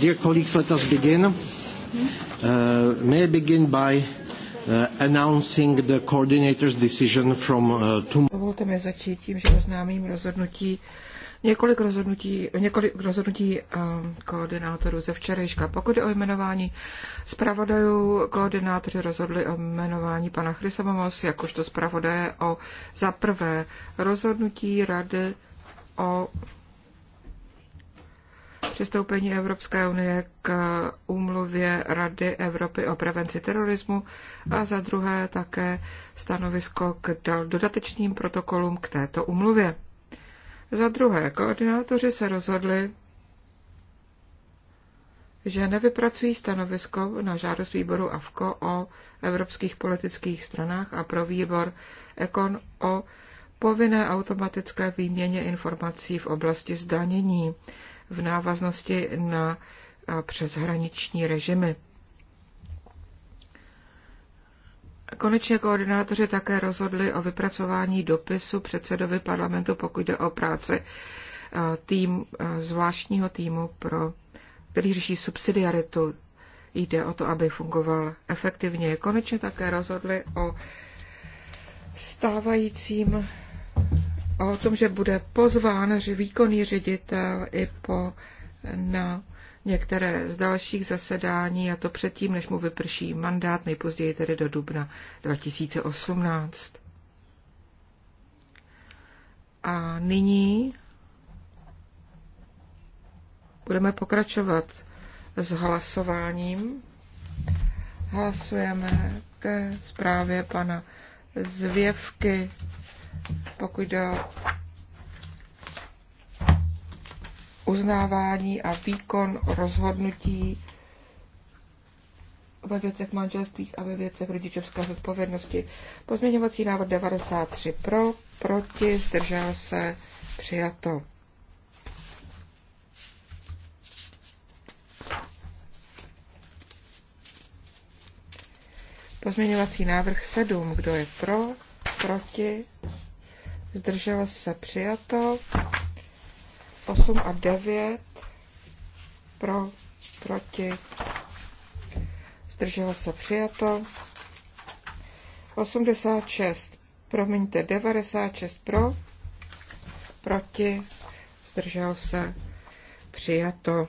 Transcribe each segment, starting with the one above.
Dear colleagues, let us begin. Uh, may I begin by uh, announcing the coordinator's decision from uh, tomorrow. Dovolte mi začít tím, že oznámím rozhodnutí několik rozhodnutí, několik rozhodnutí um, koordinátorů ze včerejška. Pokud je o jmenování zpravodajů, koordinátoři rozhodli o jmenování pana Chrysomomos jakožto zpravodaje o za prvé rozhodnutí rady o přistoupení Evropské unie k úmluvě Rady Evropy o prevenci terorismu a za druhé také stanovisko k dodatečným protokolům k této úmluvě. Za druhé, koordinátoři se rozhodli, že nevypracují stanovisko na žádost výboru AFKO o evropských politických stranách a pro výbor EKON o povinné automatické výměně informací v oblasti zdanění v návaznosti na přeshraniční režimy. Konečně koordinátoři také rozhodli o vypracování dopisu předsedovi parlamentu, pokud jde o práci tým, zvláštního týmu, pro, který řeší subsidiaritu. Jde o to, aby fungoval efektivně. Konečně také rozhodli o stávajícím o tom, že bude pozván že výkonný ředitel i po na některé z dalších zasedání, a to předtím, než mu vyprší mandát, nejpozději tedy do dubna 2018. A nyní budeme pokračovat s hlasováním. Hlasujeme ke zprávě pana Zvěvky pokud jde o uznávání a výkon rozhodnutí ve věcech manželstvích a ve věcech rodičovské zodpovědnosti. Pozměňovací návrh 93 pro, proti, zdržel se, přijato. Pozměňovací návrh 7. Kdo je pro? proti, zdržel se přijato, 8 a 9 pro, proti, zdržel se přijato, 86, promiňte, 96 pro, proti, zdržel se přijato.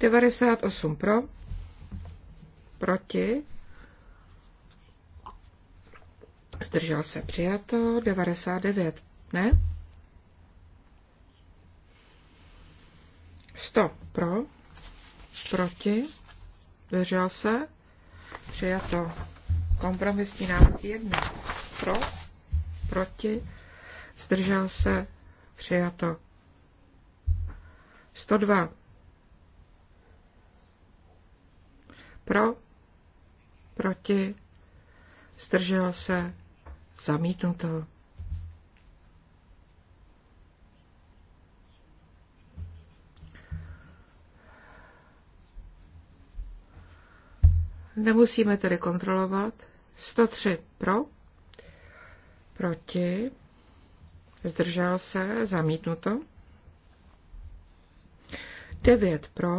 98 pro, proti, zdržel se přijato, 99 ne, 100 pro, proti, zdržel se, přijato, kompromisní návrh 1 pro, proti, zdržel se, přijato, 102 Pro, proti, zdržel se, zamítnuto. Nemusíme tedy kontrolovat. 103 pro, proti, zdržel se, zamítnuto. 9 pro,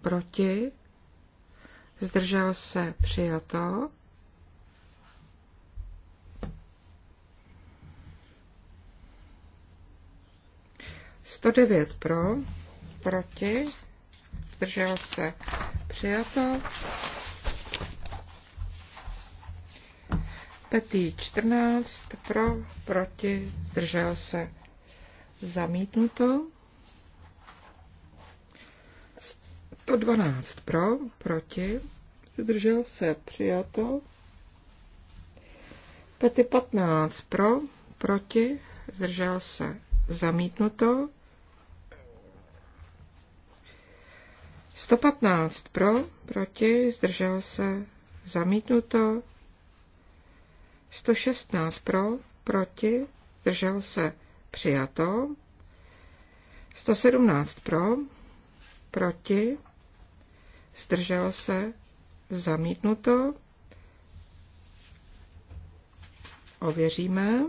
proti, zdržel se přijato. Sto devět pro, proti, zdržel se přijato. Petý 14 pro, proti, zdržel se zamítnuto. 112 pro, proti, zdržel se, přijato. Pety 15 pro, proti, zdržel se, zamítnuto. 115 pro, proti, zdržel se, zamítnuto. 116 pro, proti, zdržel se, přijato. 117 pro, proti, zdržel se, zamítnuto. Ověříme.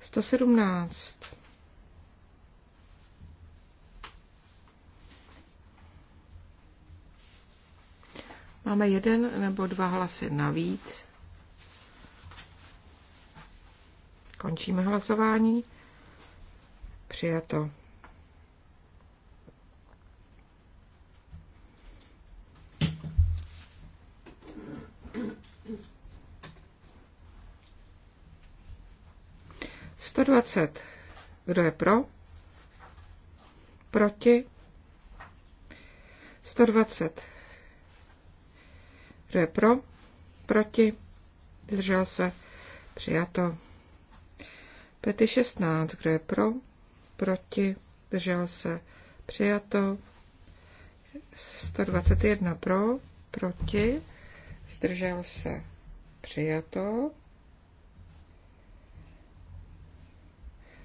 117. Máme jeden nebo dva hlasy navíc. Končíme hlasování. Přijato. 120. Kdo je pro? Proti? 120. Kdo je pro? Proti? Zdržel se? Přijato. Pety 16. Kdo je pro? Proti? Zdržel se? Přijato. 121 pro, proti, zdržel se, přijato.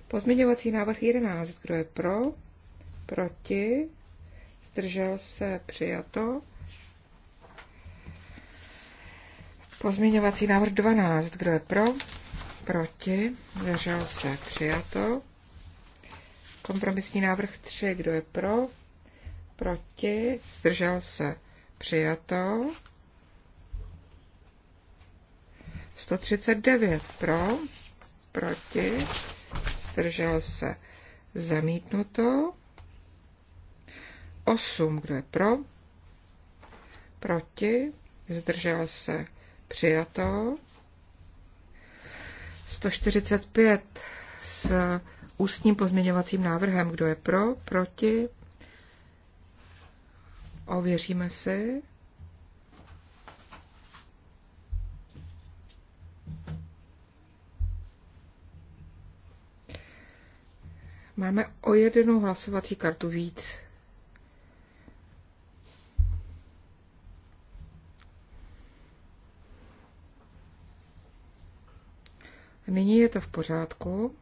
Pozměňovací návrh 11. Kdo je pro? Proti? Zdržel se? Přijato. Pozměňovací návrh 12. Kdo je pro? Proti? Zdržel se? Přijato. Kompromisní návrh 3. Kdo je pro? Proti? Zdržel se? Přijato. 139 pro, proti, zdržel se, zamítnuto. 8, kdo je pro, proti, zdržel se, přijato. 145 s ústním pozměňovacím návrhem, kdo je pro, proti, ověříme si. Máme o jednu hlasovací kartu víc. Nyní je to v pořádku.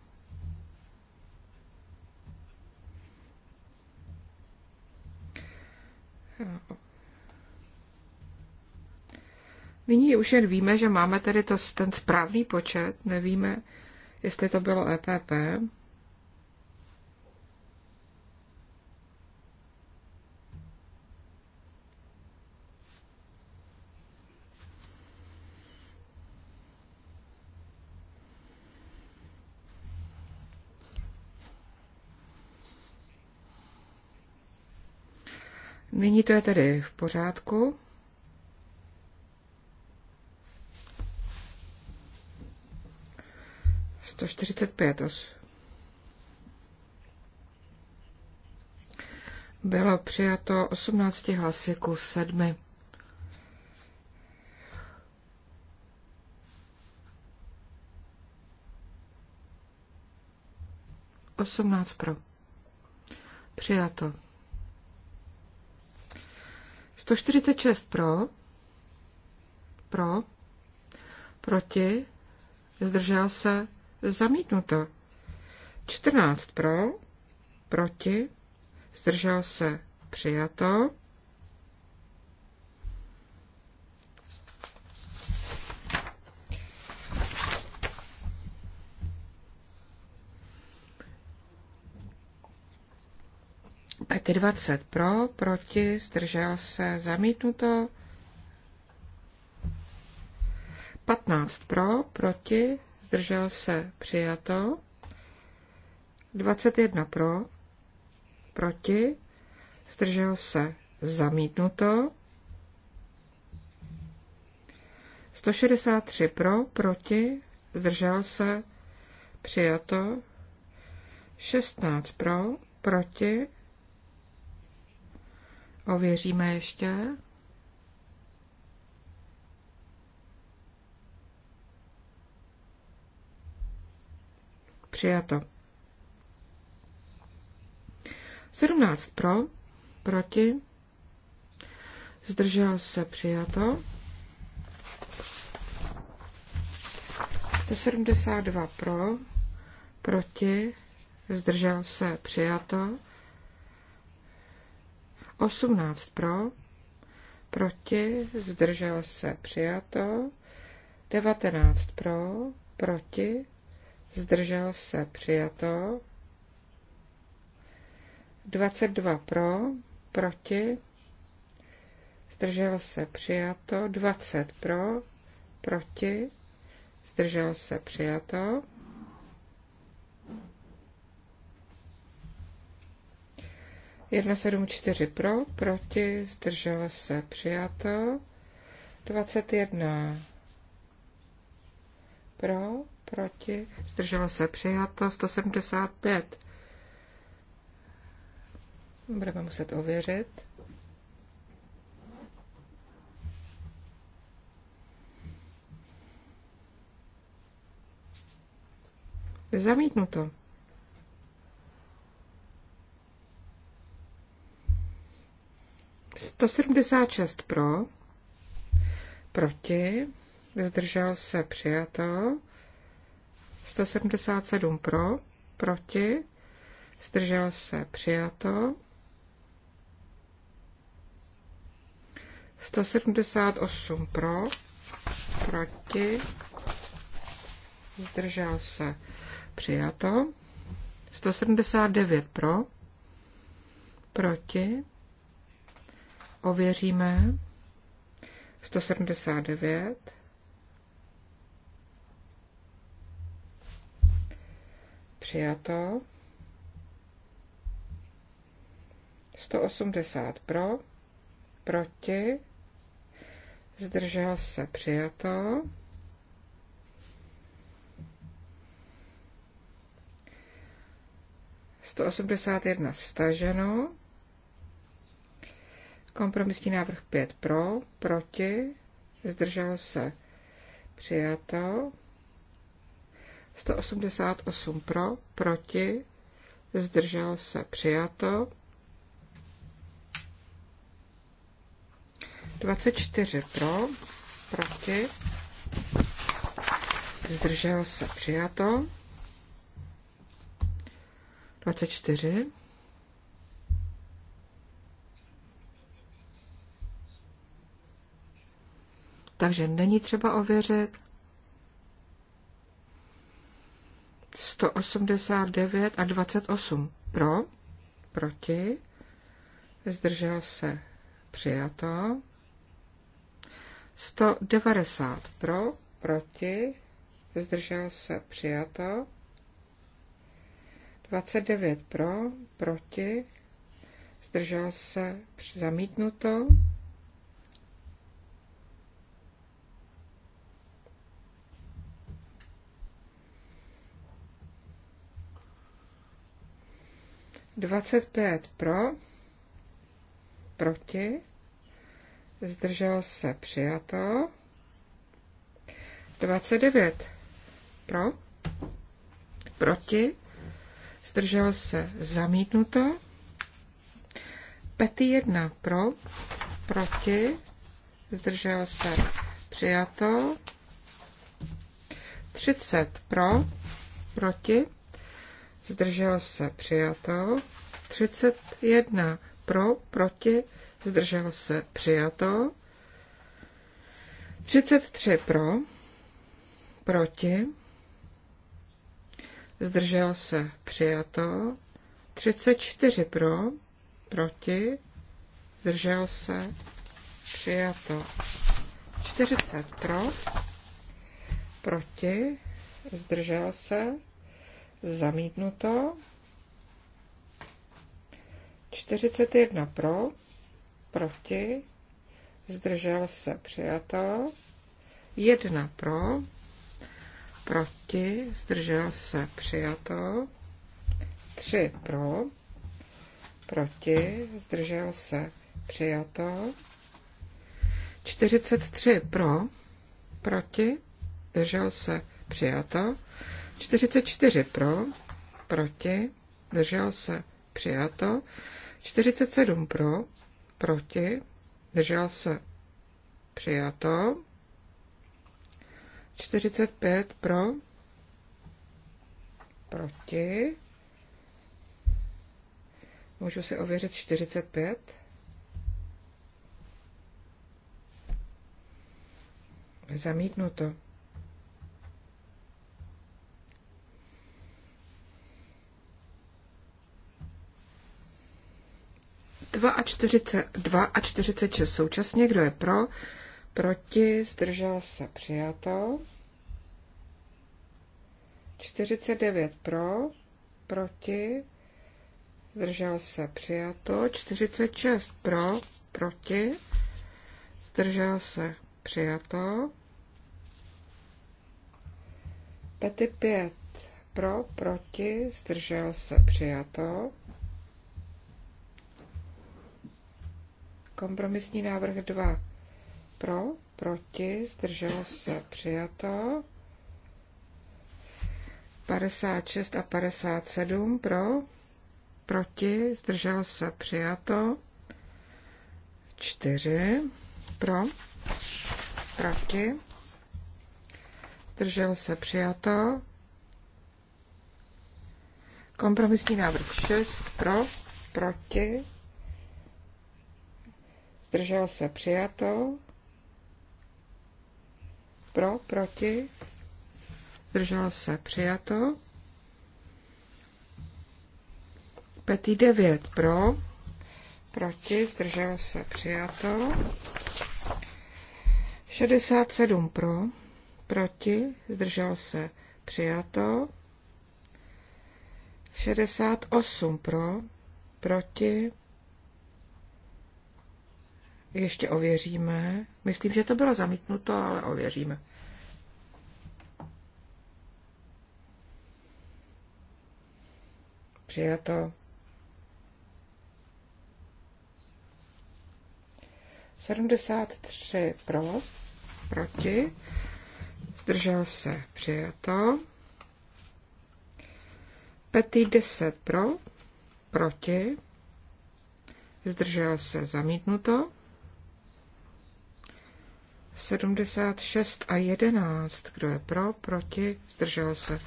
Nyní už jen víme, že máme tedy to, ten správný počet, nevíme, jestli to bylo EPP. Nyní to je tedy v pořádku. Sto čtyřicet pět bylo přijato 18 hlasy ku sedmi. Osmnáct pro. Přijato. 146 pro, pro, proti, zdržel se, zamítnuto. 14 pro, proti, zdržel se, přijato. Ty 20 pro, proti, zdržel se, zamítnuto. 15 pro, proti, zdržel se, přijato. 21 pro, proti, zdržel se, zamítnuto. 163 pro, proti, zdržel se, přijato. 16 pro, proti, Ověříme ještě. Přijato. 17 pro, proti, zdržel se přijato. 172 pro, proti, zdržel se přijato. 18 pro, proti, zdržel se, přijato. 19 pro, proti, zdržel se, přijato. 22 pro, proti, zdržel se, přijato. 20 pro, proti, zdržel se, přijato. 174 pro, proti, zdržel se, přijato. 21 pro, proti, zdržel se, přijato. 175. Budeme muset ověřit. Zamítnuto. 176 pro, proti, zdržel se přijato, 177 pro, proti, zdržel se přijato, 178 pro, proti, zdržel se přijato, 179 pro, proti, Ověříme. 179. Přijato. 180 pro, proti, zdržel se přijato. Sto osmdesát jedna staženo. Kompromisní návrh 5 pro, proti, zdržel se přijato. 188 pro, proti, zdržel se přijato. 24 pro, proti, zdržel se přijato. 24 takže není třeba ověřit. 189 a 28 pro, proti, zdržel se přijato. 190 pro, proti, zdržel se přijato. 29 pro, proti, zdržel se zamítnuto. 25 pro, proti, zdržel se přijato. 29 pro, proti, zdržel se zamítnuto. Pety 1 pro, proti, zdržel se přijato. 30 pro, proti, zdržel se přijato, 31 pro, proti, zdržel se přijato, 33 pro, proti, zdržel se přijato, 34 pro, proti, zdržel se přijato, 40 pro, proti, zdržel se, Zamítnuto. 41 pro, proti, zdržel se, přijato. 1 pro, proti, zdržel se, přijato. 3 pro, proti, zdržel se, přijato. 43 pro, proti, zdržel se, přijato. 44 pro, proti, držel se, přijato. 47 pro, proti, držel se, přijato. 45 pro, proti. Můžu si ověřit 45. Zamítnuto. 42 a 46 současně. Kdo je pro? Proti? Zdržel se? Přijato. 49 pro? Proti? Zdržel se? Přijato. 46 pro? Proti? Zdržel se? Přijato. Pety 5 pro? Proti? Zdržel se? Přijato. Kompromisní návrh 2 pro, proti, zdrželo se, přijato. 56 a 57 pro, proti, zdrželo se, přijato. 4 pro, proti, zdrželo se, přijato. Kompromisní návrh 6 pro, proti, zdržel se přijato, pro, proti, zdržel se přijato, Petý devět pro, proti, zdržel se přijato, 67 pro, proti, zdržel se přijato, 68 pro, proti, ještě ověříme. Myslím, že to bylo zamítnuto, ale ověříme. Přijato. Sedmdesát tři pro, proti, zdržel se, přijato. Petý deset pro, proti, zdržel se, zamítnuto. 76 a 11. Kdo je pro, proti, zdržel se.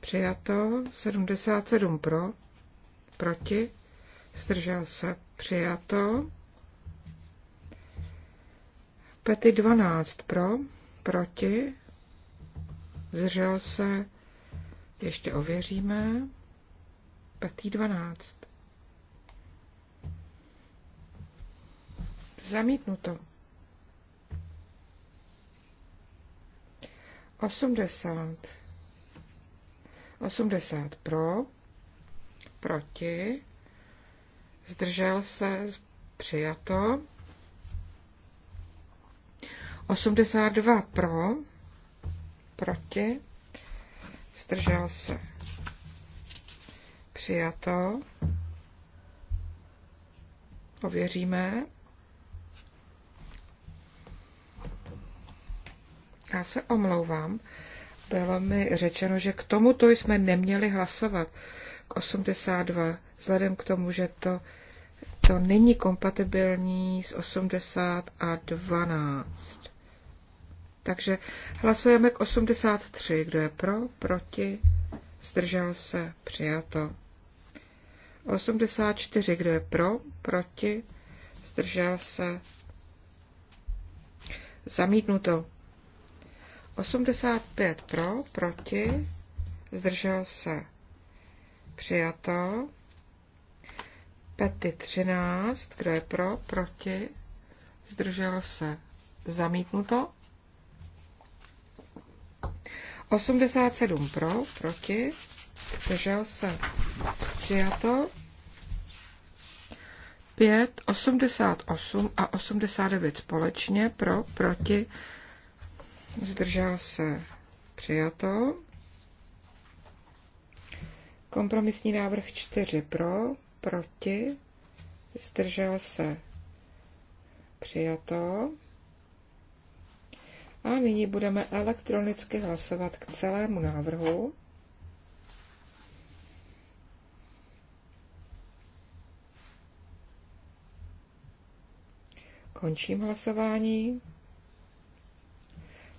Přijato 77 pro, proti, zdržel se. Přijato. Pety 12 pro, proti, zdržel se. Ještě ověříme. Pety 12. Zamítnuto. 80. 80 pro, proti, zdržel se, přijato. 82 pro, proti, zdržel se, přijato. Ověříme. Já se omlouvám, bylo mi řečeno, že k tomuto jsme neměli hlasovat k 82, vzhledem k tomu, že to, to není kompatibilní s 80 a 12. Takže hlasujeme k 83. Kdo je pro, proti, zdržel se, přijato. 84. Kdo je pro, proti, zdržel se, zamítnuto. 85 pro, proti, zdržel se přijato. Pety 13, kdo je pro, proti, zdržel se zamítnuto. 87 pro, proti, zdržel se přijato. 5, 88 a 89 společně pro, proti, zdržel se přijato. Kompromisní návrh 4 pro, proti, zdržel se přijato. A nyní budeme elektronicky hlasovat k celému návrhu. Končím hlasování.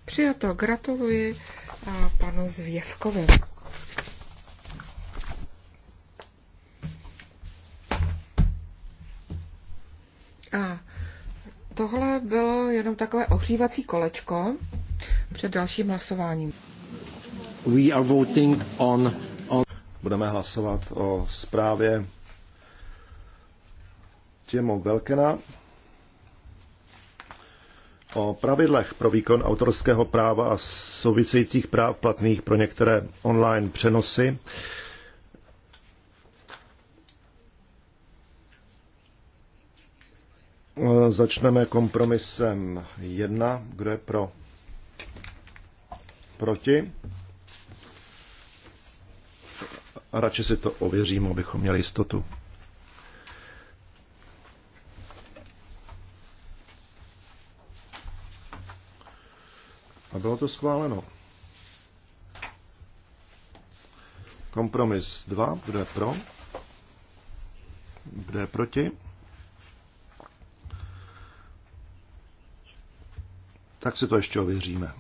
Přijato. Gratuluji eh, panu Zvěvkovi. A tohle bylo jenom takové ohřívací kolečko před dalším hlasováním. We are voting on, on... Budeme hlasovat o zprávě Těmo Velkena o pravidlech pro výkon autorského práva a souvisejících práv platných pro některé online přenosy. Začneme kompromisem 1. Kdo je pro? Proti? A radši si to ověřím, abychom měli jistotu. A bylo to schváleno. Kompromis 2, kdo je pro, kdo je proti. Tak si to ještě ověříme.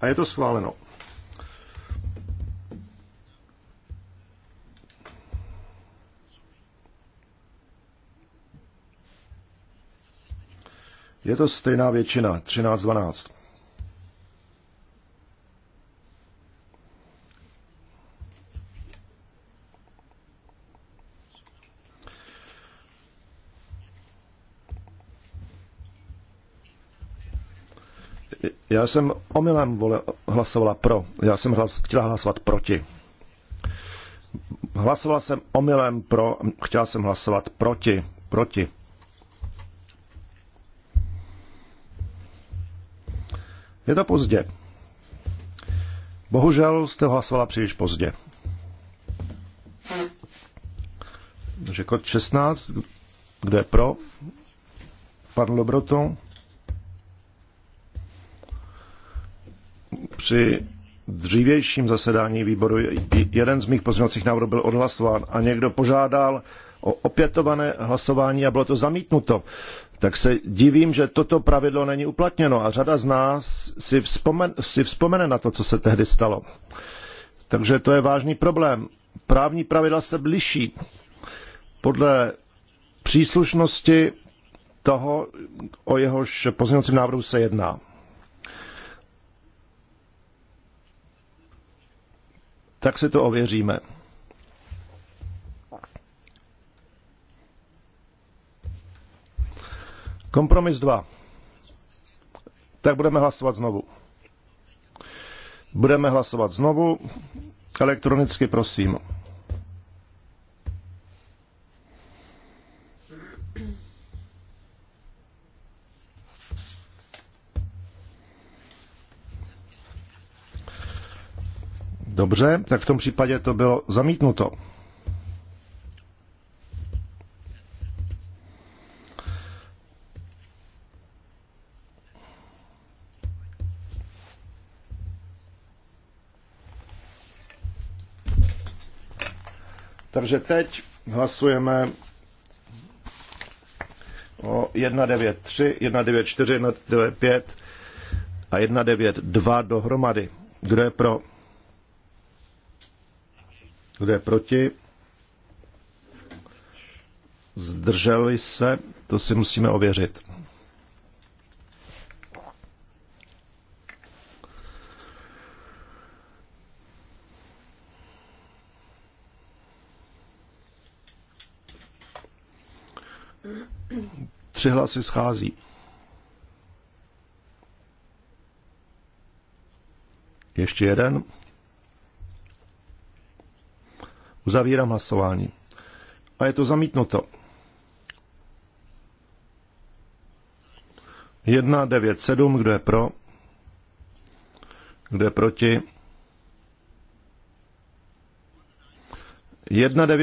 A je to schváleno. Je to stejná většina, 13-12. Já jsem omylem vole, hlasovala pro. Já jsem hlas, chtěla hlasovat proti. Hlasovala jsem omylem pro, chtěla jsem hlasovat proti. Proti. Je to pozdě. Bohužel jste hlasovala příliš pozdě. Takže kod 16, kde je pro? Pan Lobroto. Při dřívějším zasedání výboru jeden z mých pozměňovacích návrhů byl odhlasován a někdo požádal o opětované hlasování a bylo to zamítnuto tak se divím, že toto pravidlo není uplatněno a řada z nás si, vzpomen, si vzpomene na to, co se tehdy stalo. Takže to je vážný problém. Právní pravidla se liší podle příslušnosti toho, o jehož pozměňovacím návrhu se jedná. Tak si to ověříme. Kompromis 2. Tak budeme hlasovat znovu. Budeme hlasovat znovu. Elektronicky prosím. Dobře, tak v tom případě to bylo zamítnuto. Takže teď hlasujeme o 193, 194, 195 a 192 dohromady. Kdo je pro? Kdo je proti? Zdrželi se? To si musíme ověřit. tři hlasy schází. Ještě jeden. Uzavírám hlasování. A je to zamítnuto. 197, kdo je pro? Kdo je proti?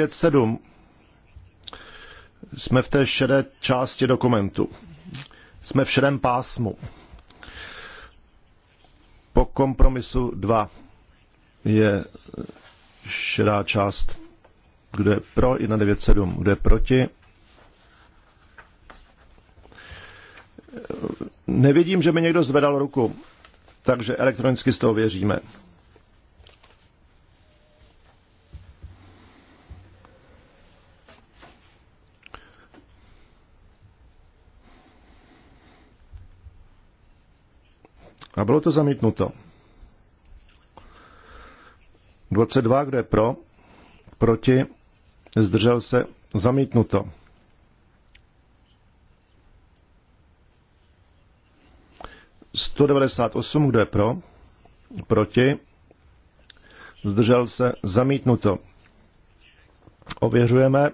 sedm jsme v té šedé části dokumentu. Jsme v šedém pásmu. Po kompromisu 2 je šedá část, kde je pro 197, kde je proti. Nevidím, že by někdo zvedal ruku, takže elektronicky z toho věříme. A bylo to zamítnuto. 22, kdo je pro, proti, zdržel se, zamítnuto. Sto devadesát osm, kdo je pro, proti, zdržel se, zamítnuto. Ověřujeme.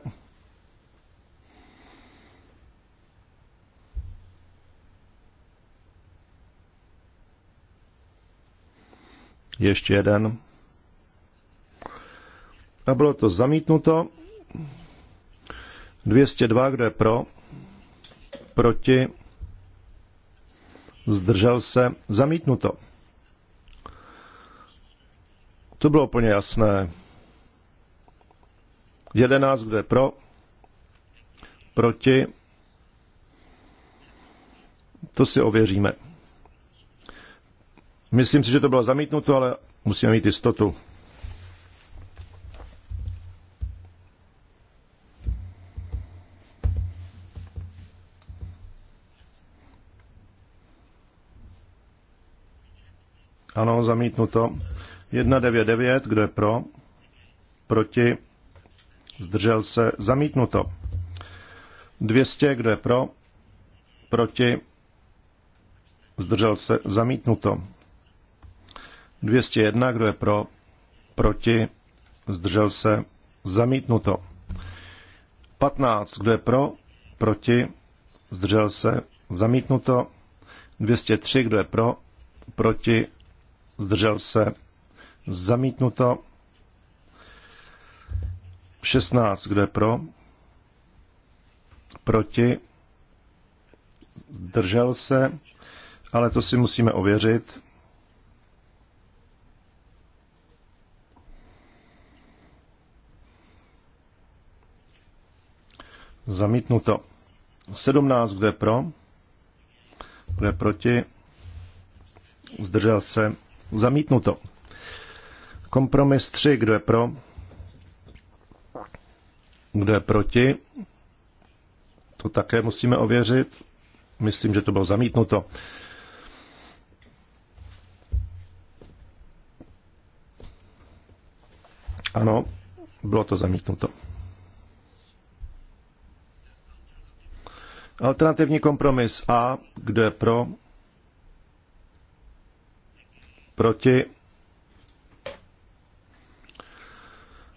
Ještě jeden. A bylo to zamítnuto. 202, kdo je pro? Proti? Zdržel se? Zamítnuto. To bylo úplně jasné. 11, kdo je pro? Proti? To si ověříme. Myslím si, že to bylo zamítnuto, ale musíme mít jistotu. Ano, zamítnuto. 199, kdo je pro? Proti? Zdržel se? Zamítnuto. 200, kdo je pro? Proti? Zdržel se? Zamítnuto. 201, kdo je pro, proti, zdržel se, zamítnuto. 15, kdo je pro, proti, zdržel se, zamítnuto. 203, kdo je pro, proti, zdržel se, zamítnuto. 16, kdo je pro, proti, zdržel se, ale to si musíme ověřit. Zamítnuto. 17, kde pro? Kde proti? Zdržel se. Zamítnuto. Kompromis 3, kdo je pro? Kdo je proti? To také musíme ověřit. Myslím, že to bylo zamítnuto. Ano, bylo to zamítnuto. Alternativní kompromis A, kdo je pro? Proti?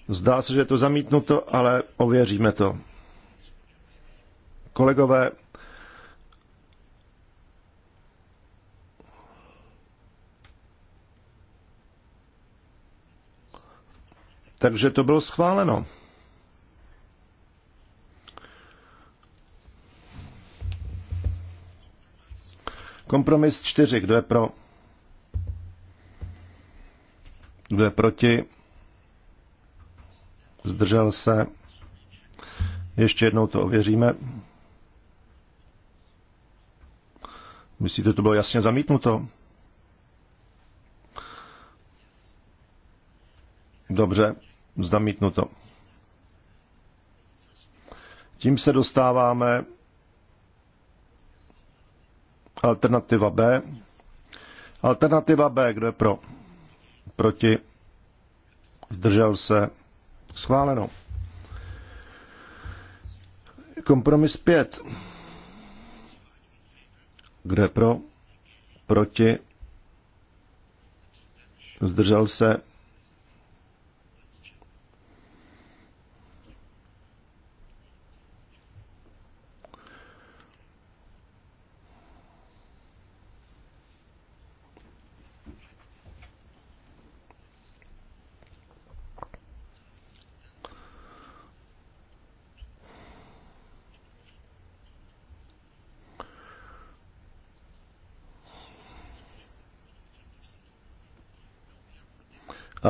Zdá se, že je to zamítnuto, ale ověříme to. Kolegové, takže to bylo schváleno. Kompromis 4. Kdo je pro? Kdo je proti? Zdržel se? Ještě jednou to ověříme. Myslíte, to bylo jasně zamítnuto? Dobře, zamítnuto. Tím se dostáváme Alternativa B. Alternativa B, kdo je pro? Proti? Zdržel se? Schváleno. Kompromis 5. Kdo je pro? Proti? Zdržel se?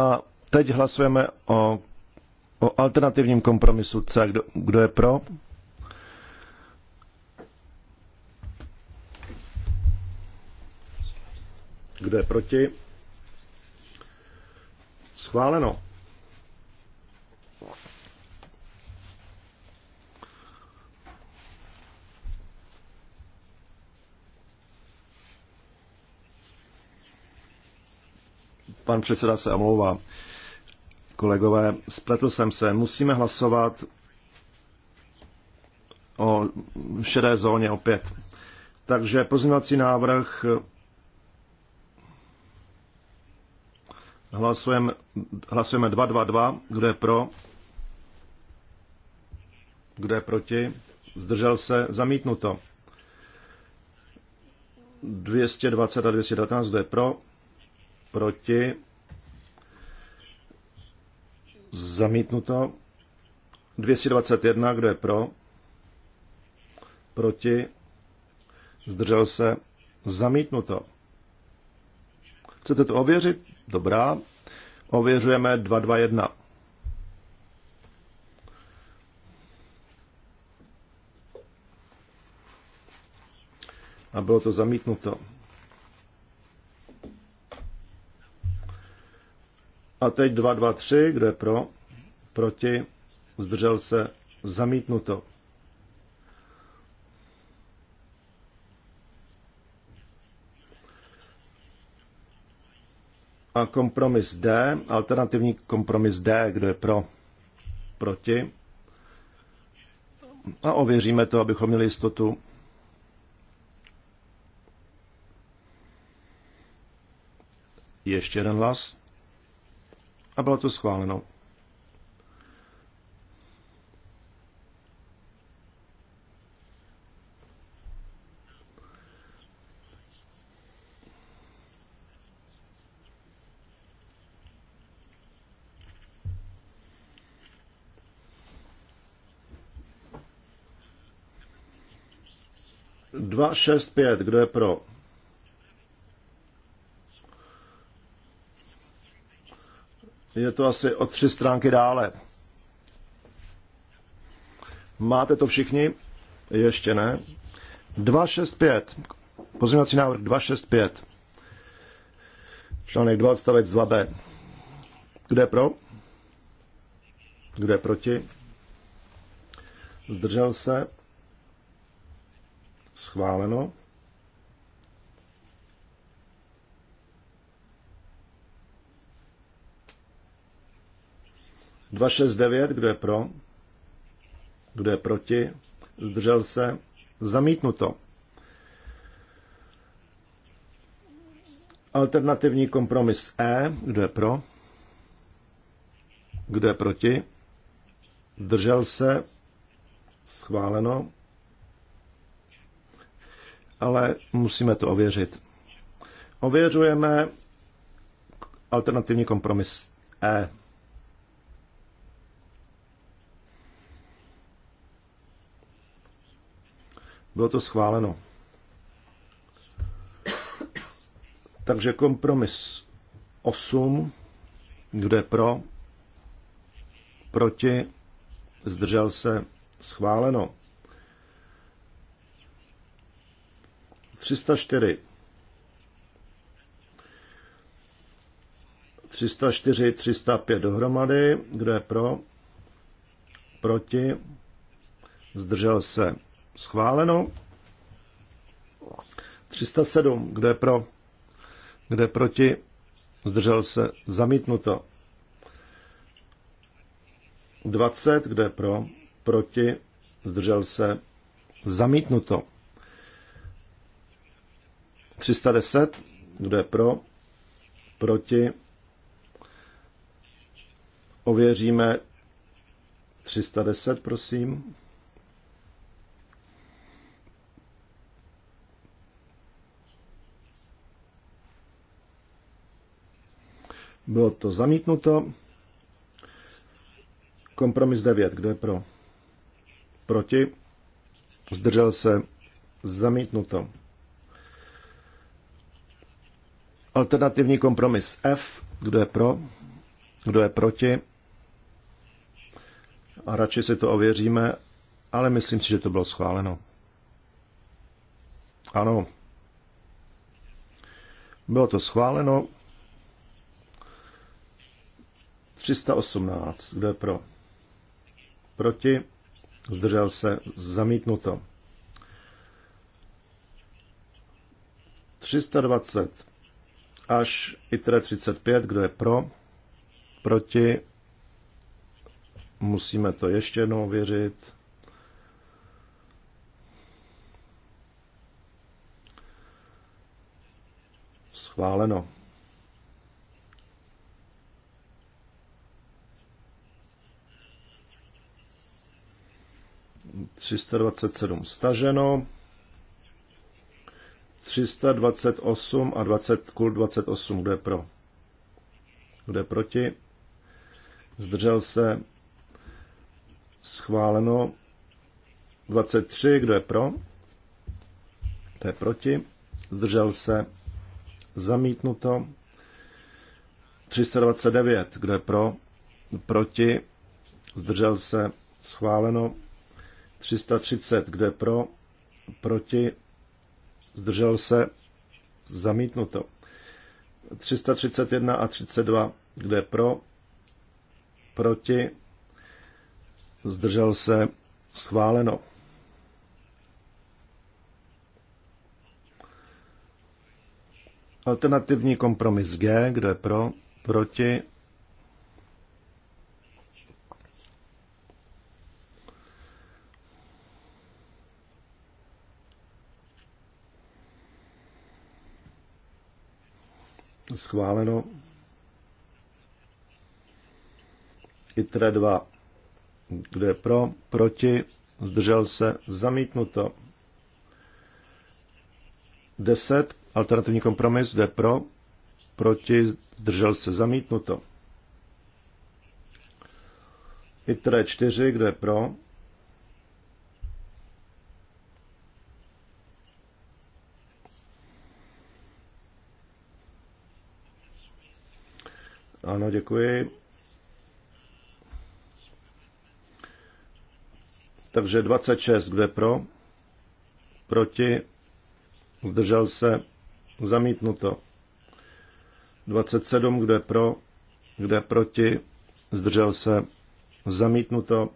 A teď hlasujeme o, o alternativním kompromisu C. Kdo, kdo je pro? Kdo je proti? Schváleno. Pan předseda se omlouvá. Kolegové, spletl jsem se. Musíme hlasovat o šedé zóně opět. Takže pozměňovací návrh hlasujeme, hlasujeme 222, kdo je pro, kdo je proti, zdržel se, zamítnuto. 220 a 219, kdo je pro, proti, zamítnuto, 221, kdo je pro, proti, zdržel se, zamítnuto. Chcete to ověřit? Dobrá. Ověřujeme 221. A bylo to zamítnuto. A teď 2, 2, 3, kdo je pro, proti, zdržel se, zamítnuto. A kompromis D, alternativní kompromis D, kdo je pro, proti. A ověříme to, abychom měli jistotu. Ještě jeden hlas a bylo to schváleno. Dva, šest, pět. Kdo je pro? Je to asi o tři stránky dále. Máte to všichni? Ještě ne. 265. Pozměňovací návrh 265. Článek 2, odstavec 2b. Kde pro? Kde proti? Zdržel se? Schváleno. 269, kdo je pro? Kdo je proti? Zdržel se? Zamítnuto. Alternativní kompromis E, kdo je pro? Kdo je proti? Zdržel se? Schváleno. Ale musíme to ověřit. Ověřujeme alternativní kompromis E. Bylo to schváleno. Takže kompromis 8, kdo je pro, proti, zdržel se, schváleno. 304. 304, 305 dohromady, kdo je pro, proti, zdržel se, Schváleno. 307. Kdo je pro? Kdo je proti? Zdržel se. Zamítnuto. 20. Kdo je pro? Proti? Zdržel se. Zamítnuto. 310. Kdo je pro? Proti? Ověříme 310, prosím. Bylo to zamítnuto. Kompromis 9. Kdo je pro? Proti? Zdržel se? Zamítnuto. Alternativní kompromis F. Kdo je pro? Kdo je proti? A radši si to ověříme, ale myslím si, že to bylo schváleno. Ano. Bylo to schváleno. 318. Kdo je pro? Proti? Zdržel se? Zamítnuto. 320 až ITRE 35. Kdo je pro? Proti? Musíme to ještě jednou věřit. Schváleno. 327 staženo, 328 a 20 kul 28, kdo je pro? Kdo je proti? Zdržel se schváleno 23, kdo je pro? To je proti. Zdržel se zamítnuto 329, kdo je pro? Proti. Zdržel se schváleno 330, kde pro, proti, zdržel se, zamítnuto. 331 a 32, kde pro, proti, zdržel se, schváleno. Alternativní kompromis G, kde pro, proti, Schváleno. ITRE 2. Kdo je pro? Proti? Zdržel se? Zamítnuto. 10. Alternativní kompromis. Kdo je pro? Proti? Zdržel se? Zamítnuto. ITRE 4. Kdo je pro? Ano, děkuji. Takže 26, kde pro? Proti? Zdržel se? Zamítnuto. 27, kde pro? Kde proti? Zdržel se? Zamítnuto.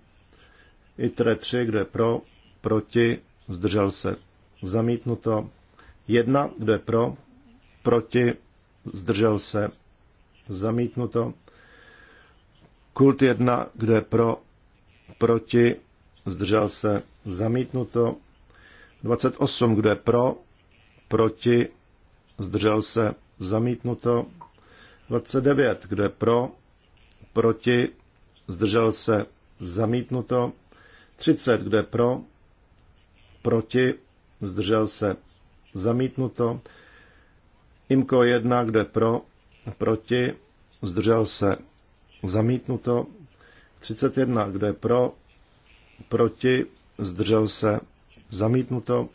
I 3, kde pro? Proti? Zdržel se? Zamítnuto. 1, kde pro? Proti? Zdržel se? zamítnuto. Kult 1, kdo je pro, proti, zdržel se, zamítnuto. 28, kdo je pro, proti, zdržel se, zamítnuto. 29, kdo je pro, proti, zdržel se, zamítnuto. 30, kdo je pro, proti, zdržel se, zamítnuto. Imko 1, kdo je pro, proti, zdržel se, zamítnuto. 31, kdo je pro, proti, zdržel se, zamítnuto.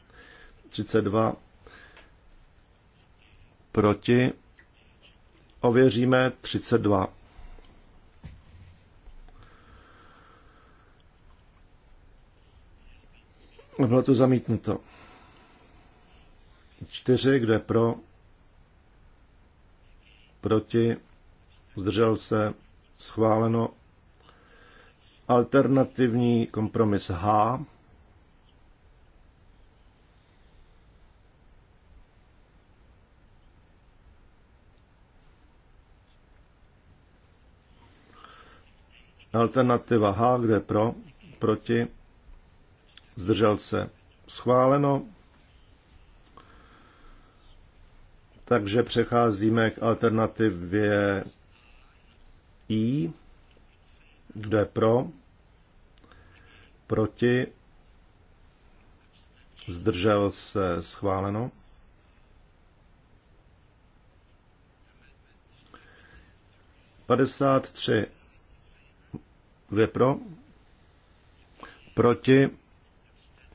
32, proti, ověříme 32. Bylo to zamítnuto. 4, kdo je pro, proti, zdržel se, schváleno. Alternativní kompromis H. Alternativa H, kde pro, proti, zdržel se, schváleno. Takže přecházíme k alternativě I. Kdo je pro? Proti? Zdržel se schváleno. Padesát tři. Kdo je pro? Proti?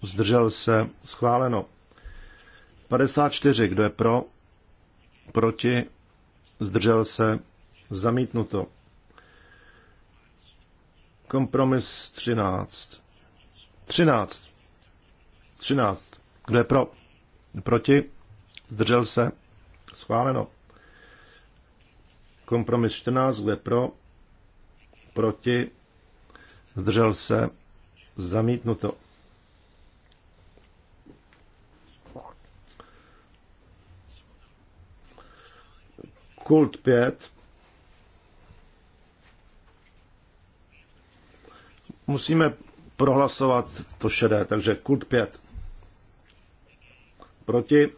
Zdržel se schváleno. 54. Kdo je pro? proti, zdržel se, zamítnuto. Kompromis 13. 13. 13. Kdo je pro? Proti? Zdržel se? Schváleno. Kompromis 14. Kdo je pro? Proti? Zdržel se? Zamítnuto. Kult 5 musíme prohlasovat to šedé, takže kult 5. Proti.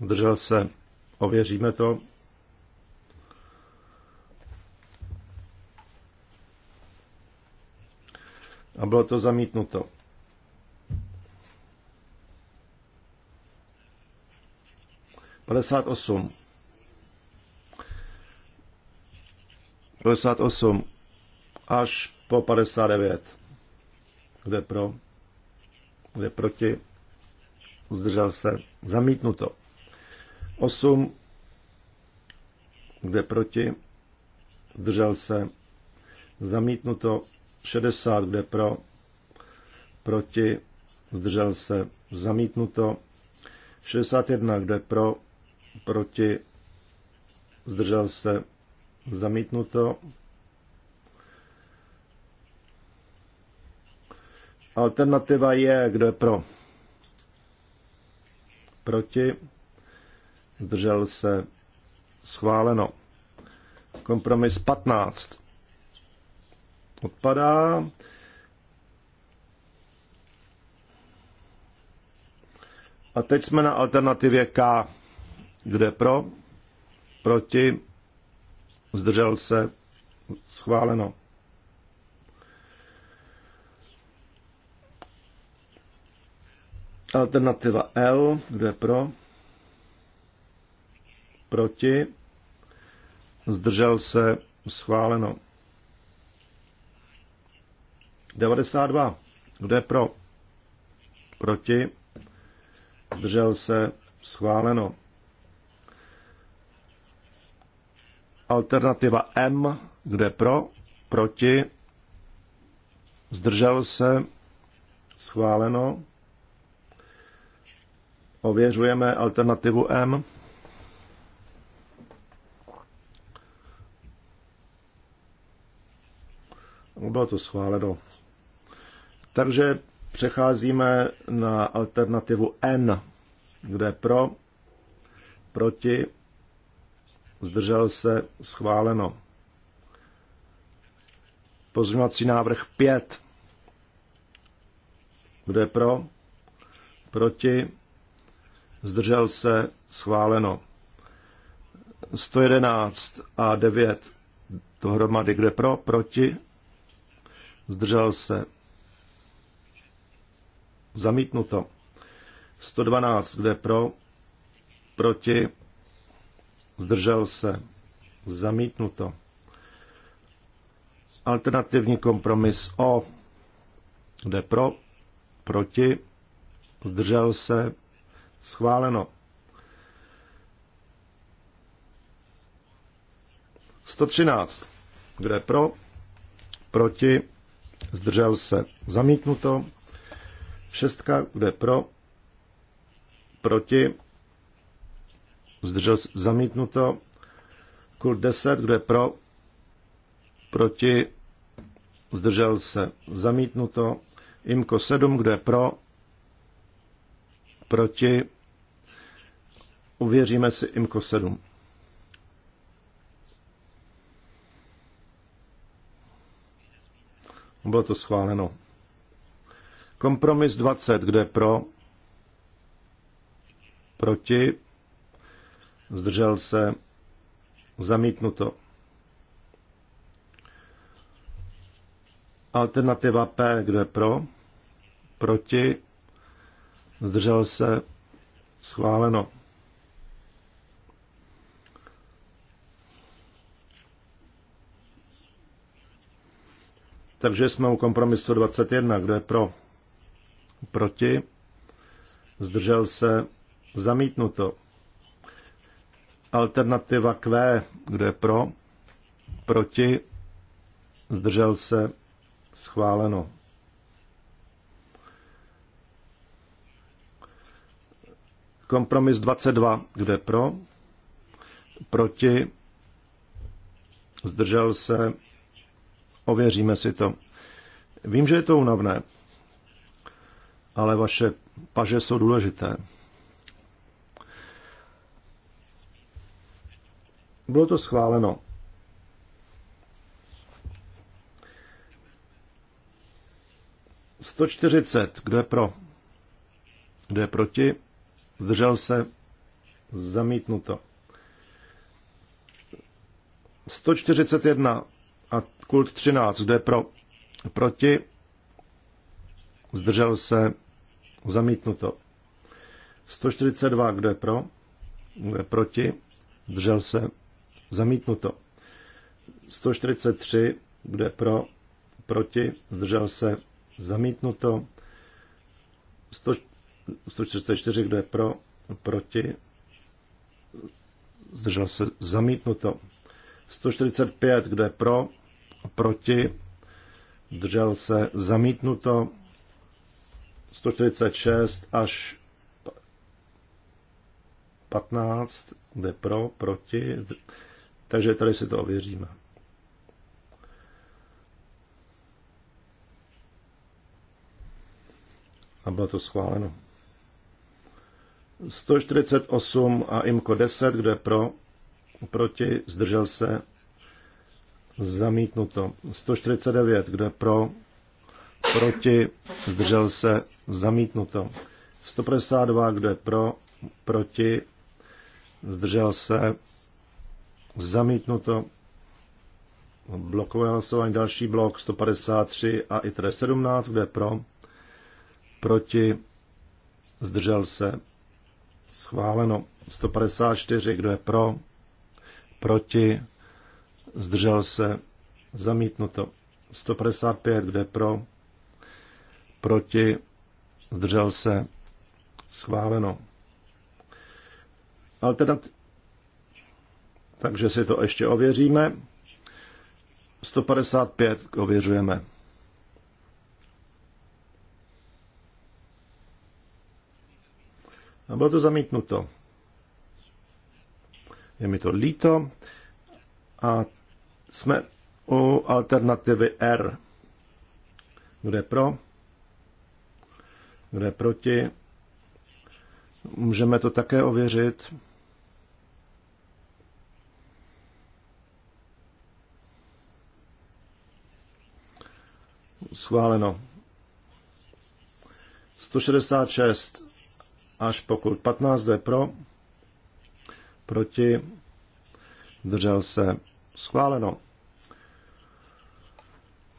Držel se. Ověříme to. A bylo to zamítnuto. 58. 58 až po 59. Kde pro? Kde proti? Zdržel se. Zamítnuto. 8. Kde proti? Zdržel se. Zamítnuto. 60. Kde pro? Proti? Zdržel se. Zamítnuto. 61. Kde pro? proti, zdržel se, zamítnuto. Alternativa je, kdo je pro, proti, zdržel se, schváleno. Kompromis 15 odpadá. A teď jsme na alternativě K. Kdo je pro? Proti? Zdržel se? Schváleno. Alternativa L, kdo je pro? Proti? Zdržel se? Schváleno. 92. Kdo je pro? Proti? Zdržel se? Schváleno. Alternativa M, kde pro, proti, zdržel se, schváleno. Ověřujeme alternativu M. Bylo to schváleno. Takže přecházíme na alternativu N, kde pro, proti, zdržel se, schváleno. Pozměňovací návrh 5. Kdo je pro? Proti? Zdržel se? Schváleno. 111 a 9 dohromady. Kdo je pro? Proti? Zdržel se? Zamítnuto. 112. kde pro? Proti? zdržel se, zamítnuto. Alternativní kompromis O, kde pro, proti, zdržel se, schváleno. 113, kde pro, proti, zdržel se, zamítnuto. Šestka, kde pro, proti, zdržel zamítnuto. Kult 10, kdo je pro, proti, zdržel se zamítnuto. Imko 7, kdo je pro, proti, uvěříme si Imko 7. Bylo to schváleno. Kompromis 20, kdo je pro, proti, zdržel se, zamítnuto. Alternativa P, kdo je pro, proti, zdržel se, schváleno. Takže jsme u kompromisu 21. Kdo je pro? Proti? Zdržel se? Zamítnuto. Alternativa Q, kdo je pro, proti, zdržel se, schváleno. Kompromis 22, kdo je pro, proti, zdržel se, ověříme si to. Vím, že je to unavné, ale vaše paže jsou důležité. Bylo to schváleno. Sto čtyřicet. Kdo je pro? Kdo je proti? Zdržel se? Zamítnuto. 141 a kult 13. Kdo je pro? Proti? Zdržel se? Zamítnuto. 142. Kdo je pro? Kdo je proti? Zdržel se? Zamítnuto. 143 bude pro, proti, zdržel se, zamítnuto. 144, kdo je pro, proti, zdržel se, zamítnuto. 145, kdo je pro, proti, zdržel se, zamítnuto. 146 až 15, kde pro, proti, takže tady si to ověříme. A bylo to schváleno. 148 a IMKO 10, kde pro, proti, zdržel se, zamítnuto. 149, kde pro, proti, zdržel se, zamítnuto. 152, kde pro, proti, zdržel se, Zamítnuto. Blokové hlasování, další blok 153 a ITRE 17, kde pro, proti, zdržel se, schváleno 154, kdo je pro, proti, zdržel se, zamítnuto 155, kde pro, proti, zdržel se, schváleno. Alternat, takže si to ještě ověříme. 155 ověřujeme. A bylo to zamítnuto. Je mi to líto. A jsme u alternativy R. Kdo je pro? Kdo je proti? Můžeme to také ověřit. schváleno. 166 až pokud 15 jde pro, proti, držel se, schváleno.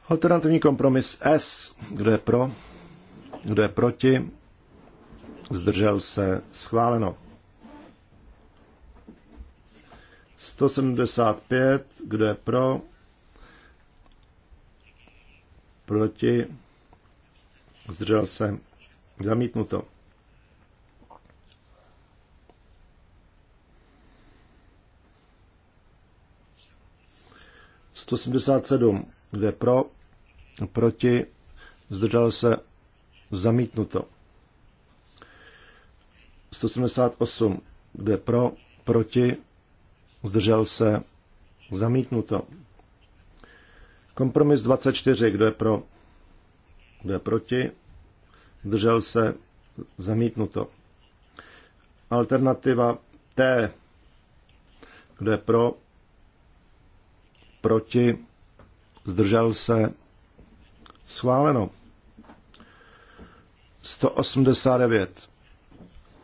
Alternativní kompromis S, kdo je pro, kdo je proti, zdržel se, schváleno. 175, kdo je pro, proti, zdržel se, zamítnuto. Sto sedmdesát sedm, kde pro, proti, zdržel se, zamítnuto. 178, kde pro, proti, zdržel se, zamítnuto. Kompromis 24, kdo je pro, kdo je proti, držel se, zamítnuto. Alternativa T, kdo je pro, proti, zdržel se, schváleno. 189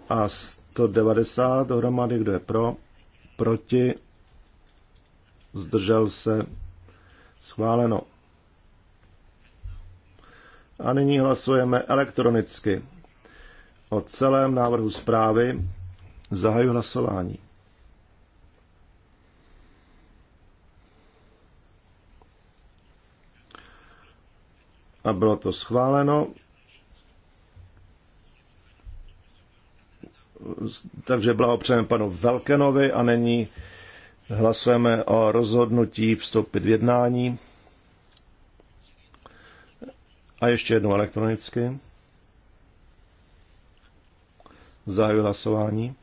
a 190 dohromady, kdo je pro, proti, zdržel se, Schváleno. A nyní hlasujeme elektronicky o celém návrhu zprávy. Zahaju hlasování. A bylo to schváleno. Takže blahopřejeme panu Velkenovi a není Hlasujeme o rozhodnutí vstoupit v jednání. A ještě jednou elektronicky. Zahajuji hlasování.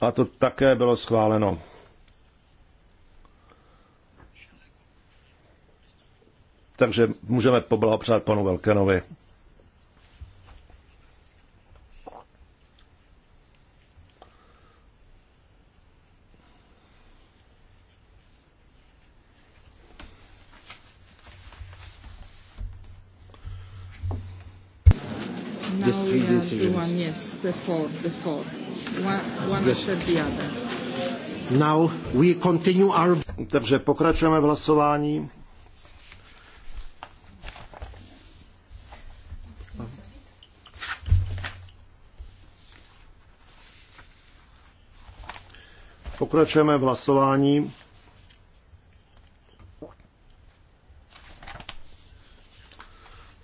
A to také bylo schváleno. Takže můžeme poblahopřát panu Velkenovi. the four, the four, one, one yes. after the other. Now we continue our... Takže pokračujeme v hlasování. Pokračujeme v hlasování.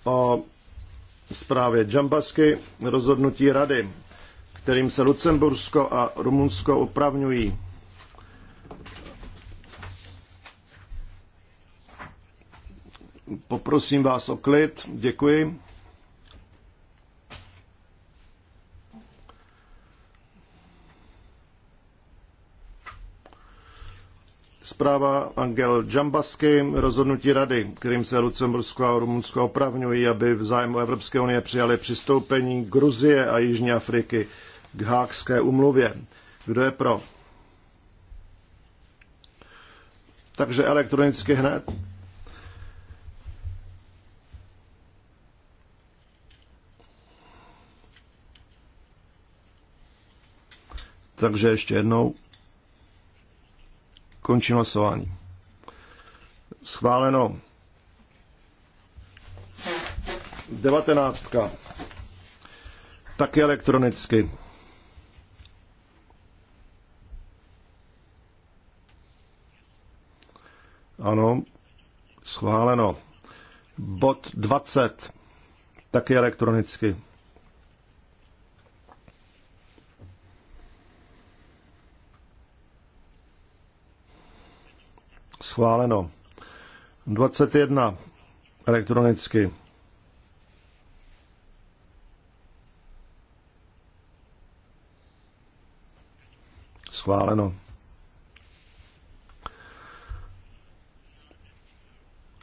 O zprávě Džambasky rozhodnutí rady, kterým se Lucembursko a Rumunsko opravňují. Poprosím vás o klid. Děkuji. Zpráva Angel Džambasky, rozhodnutí rady, kterým se Lucembursko a Rumunsko opravňují, aby v zájmu Evropské unie přijali přistoupení Gruzie a Jižní Afriky k Hákské umluvě. Kdo je pro? Takže elektronicky hned. Takže ještě jednou. Končím hlasování. Schváleno. Devatenáctka. Taky elektronicky. Ano, schváleno. Bod 20. Taky elektronicky. Schváleno. 21 elektronicky. Schváleno.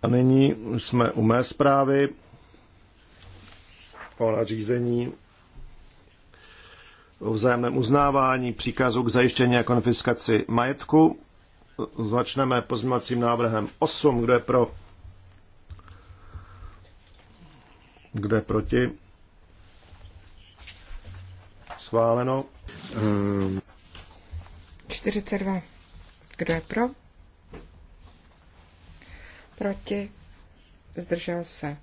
A nyní jsme u mé zprávy o nařízení o vzájemném uznávání příkazu k zajištění a konfiskaci majetku. Začneme pozměňovacím návrhem 8. Kdo je pro? Kdo je proti? Sváleno. 42. Kdo je pro? Proti? Zdržel se.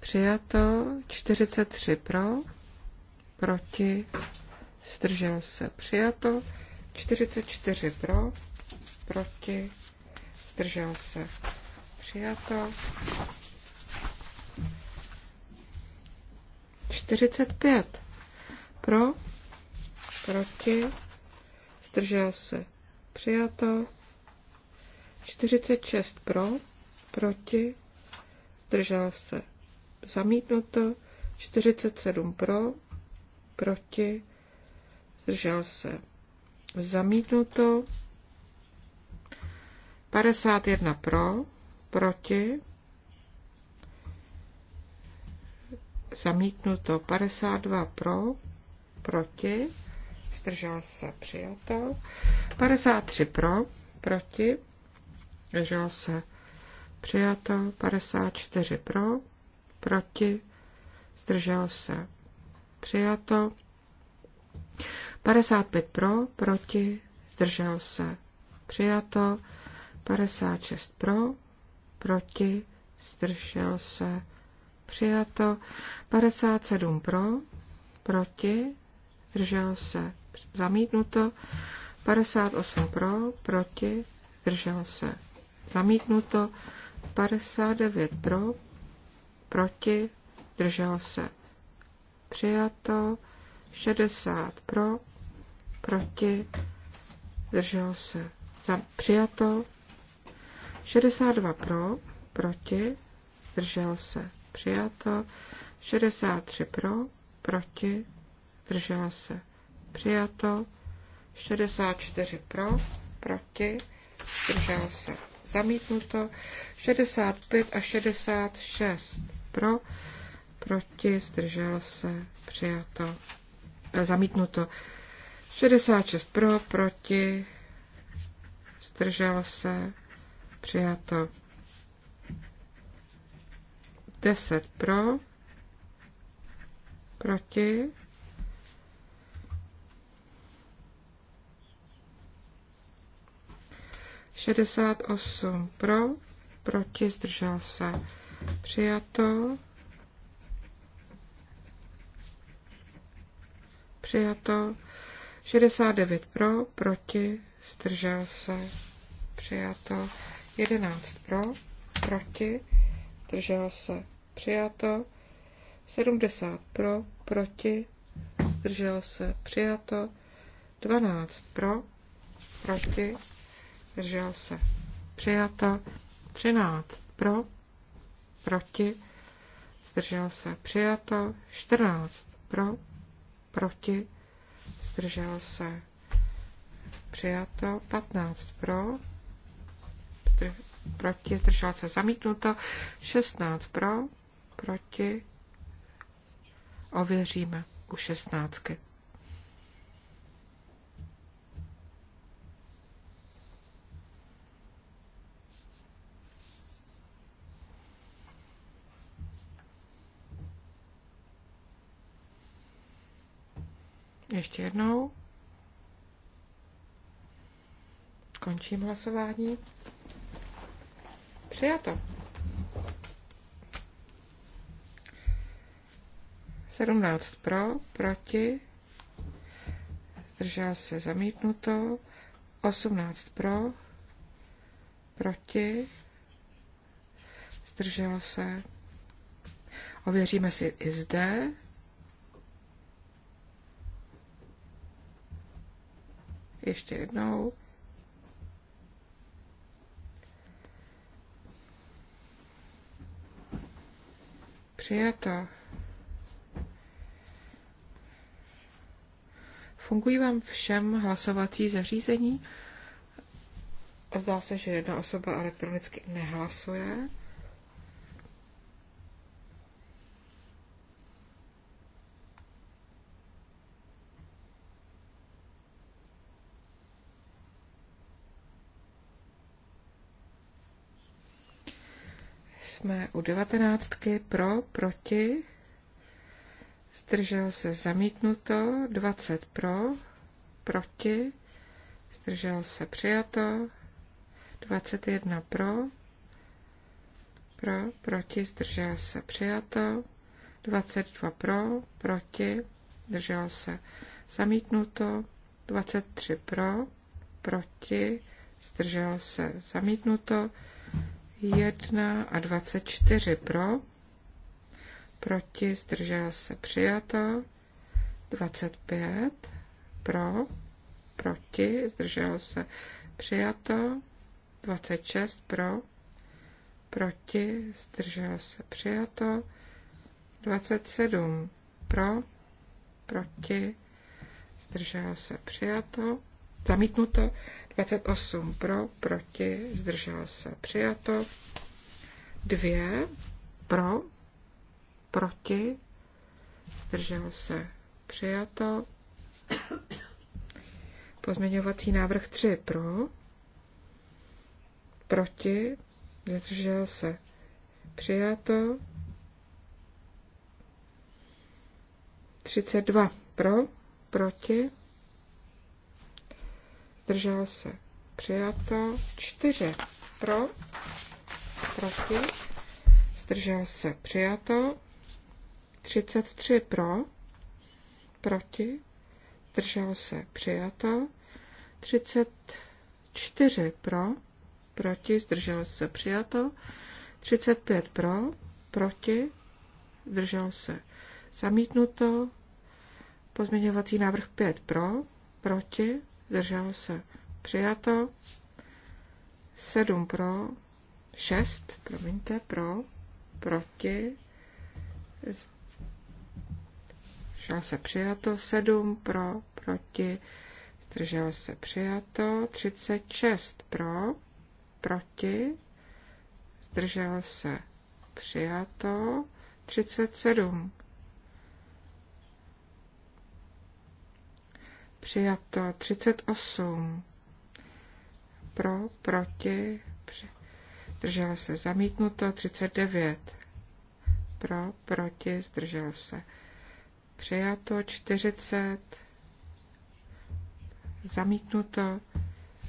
Přijato. 43 pro. Proti? Zdržel se. Přijato. 44 pro proti, zdržel se, přijato. 45 pro, proti, zdržel se, přijato. 46 pro, proti, zdržel se, zamítnuto. 47 pro, proti, zdržel se, zamítnuto. 51 pro, proti, zamítnuto 52 pro, proti, zdržel se přijato, 53 pro, proti, zdržel se přijato, 54 pro, proti, zdržel se přijato, 55 pro, proti, zdržel se přijato, 56 pro, proti, zdržel se, přijato. 57 pro, proti, zdržel se, zamítnuto. 58 pro, proti, zdržel se, zamítnuto. 59 pro, proti, zdržel se, přijato. 60 pro, proti, zdržel se, přijato. 62 pro, proti, zdržel se, přijato. 63 pro, proti, zdržel se, přijato. 64 pro, proti, zdržel se, zamítnuto. 65 a 66 pro, proti, zdržel se, přijato, eh, zamítnuto. 66 pro, proti, zdržel se, Přijato. 10 pro, proti, šedesát osm pro, proti, zdržel se, přijato, přijato, šedesát devět pro, proti, zdržel se, přijato. 11 pro, proti, zdrželo se přijato, 70 pro, proti, zdrželo se přijato, 12 pro, proti, zdrželo se přijato, 13 pro, proti, zdrželo se přijato, 14 pro, proti, zdrželo se přijato, 15 pro, zdr, proti, zdržel se zamítnuto, 16 pro, proti, ověříme u 16. Ještě jednou. Končím hlasování. Přijato. 17 pro, proti, zdržel se zamítnuto, 18 pro, proti, zdržel se. Ověříme si i zde. Ještě jednou. Přijato. Fungují vám všem hlasovací zařízení? Zdá se, že jedna osoba elektronicky nehlasuje. jsme u devatenáctky pro, proti, zdržel se zamítnuto, 20 pro, proti, zdržel se přijato, 21 pro, pro, proti, zdržel se přijato, 22 pro, proti, zdržel se zamítnuto, 23 pro, proti, zdržel se zamítnuto, 1 a 24 pro, proti zdržel se přijato, 25 pro, proti zdržel se přijato, 26 pro, proti zdržel se přijato, 27 pro, proti zdržel se přijato, zamítnuto, 28 pro, proti, zdržel se, přijato. 2 pro, proti, zdržel se, přijato. Pozměňovací návrh 3 pro, proti, zdržel se, přijato. 32 pro, proti, zdržel se přijato, čtyři pro, proti, zdržel se přijato, 33 pro, proti, zdržel se přijato, 34 pro, proti, zdržel se přijato, 35 pro, proti, zdržel se zamítnuto, pozměňovací návrh 5 pro, proti, zdržel se přijato, 7 pro, 6, promiňte, pro, proti, zdržel se přijato, 7 pro, proti, zdržel se přijato, 36 pro, proti, zdržel se přijato, 37 přijato 38 pro, proti, při, zdrželo se zamítnuto 39 pro, proti, zdrželo se přijato 40 zamítnuto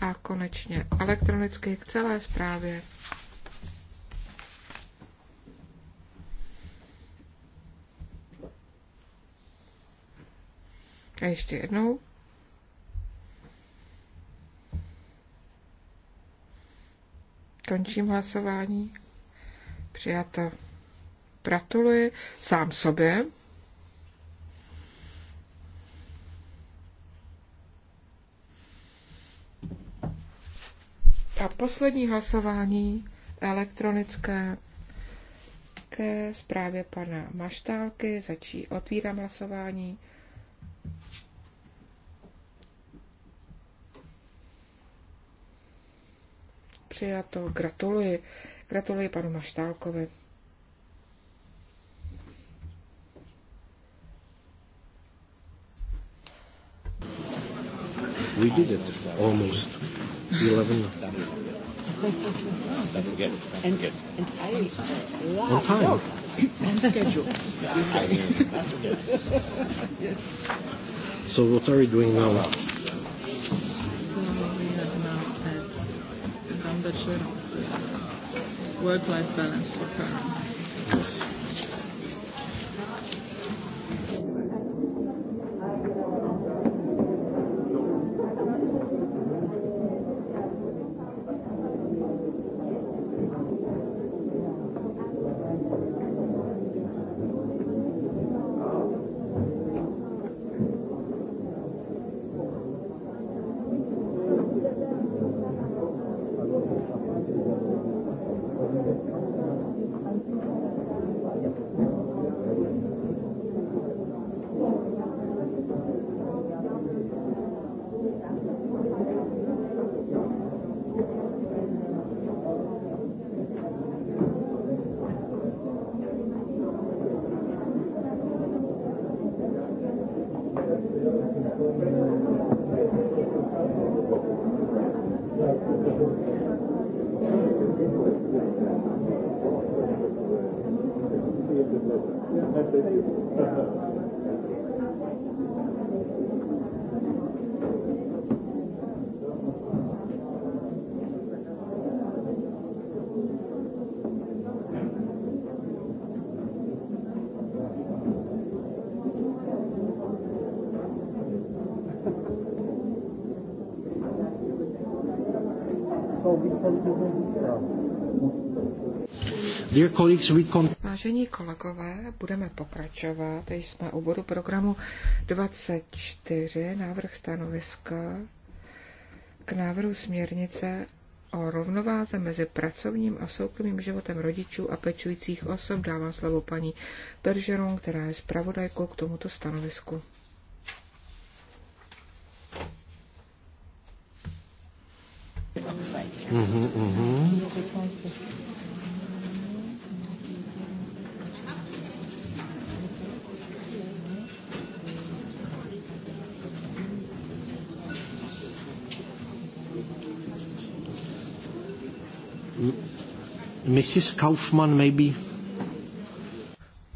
a konečně elektronicky k celé zprávě. A ještě jednou. Končím hlasování. Přijato. Gratuluji sám sobě. A poslední hlasování elektronické ke zprávě pana Maštálky. Začí otvírám hlasování. přijato. Gratuluji. Gratuluji panu Maštálkovi. We did it almost. 11. and, and I, wow. On time. And no. schedule. yes. So what are we doing now? good work-life balance for parents. Vážení kolegové, budeme pokračovat. Teď jsme u bodu programu 24, návrh stanoviska k návrhu směrnice o rovnováze mezi pracovním a soukromým životem rodičů a pečujících osob. Dávám slovo paní Peržeron, která je zpravodajkou k tomuto stanovisku. Mm-hmm, mm-hmm. Mrs. Kaufman, maybe?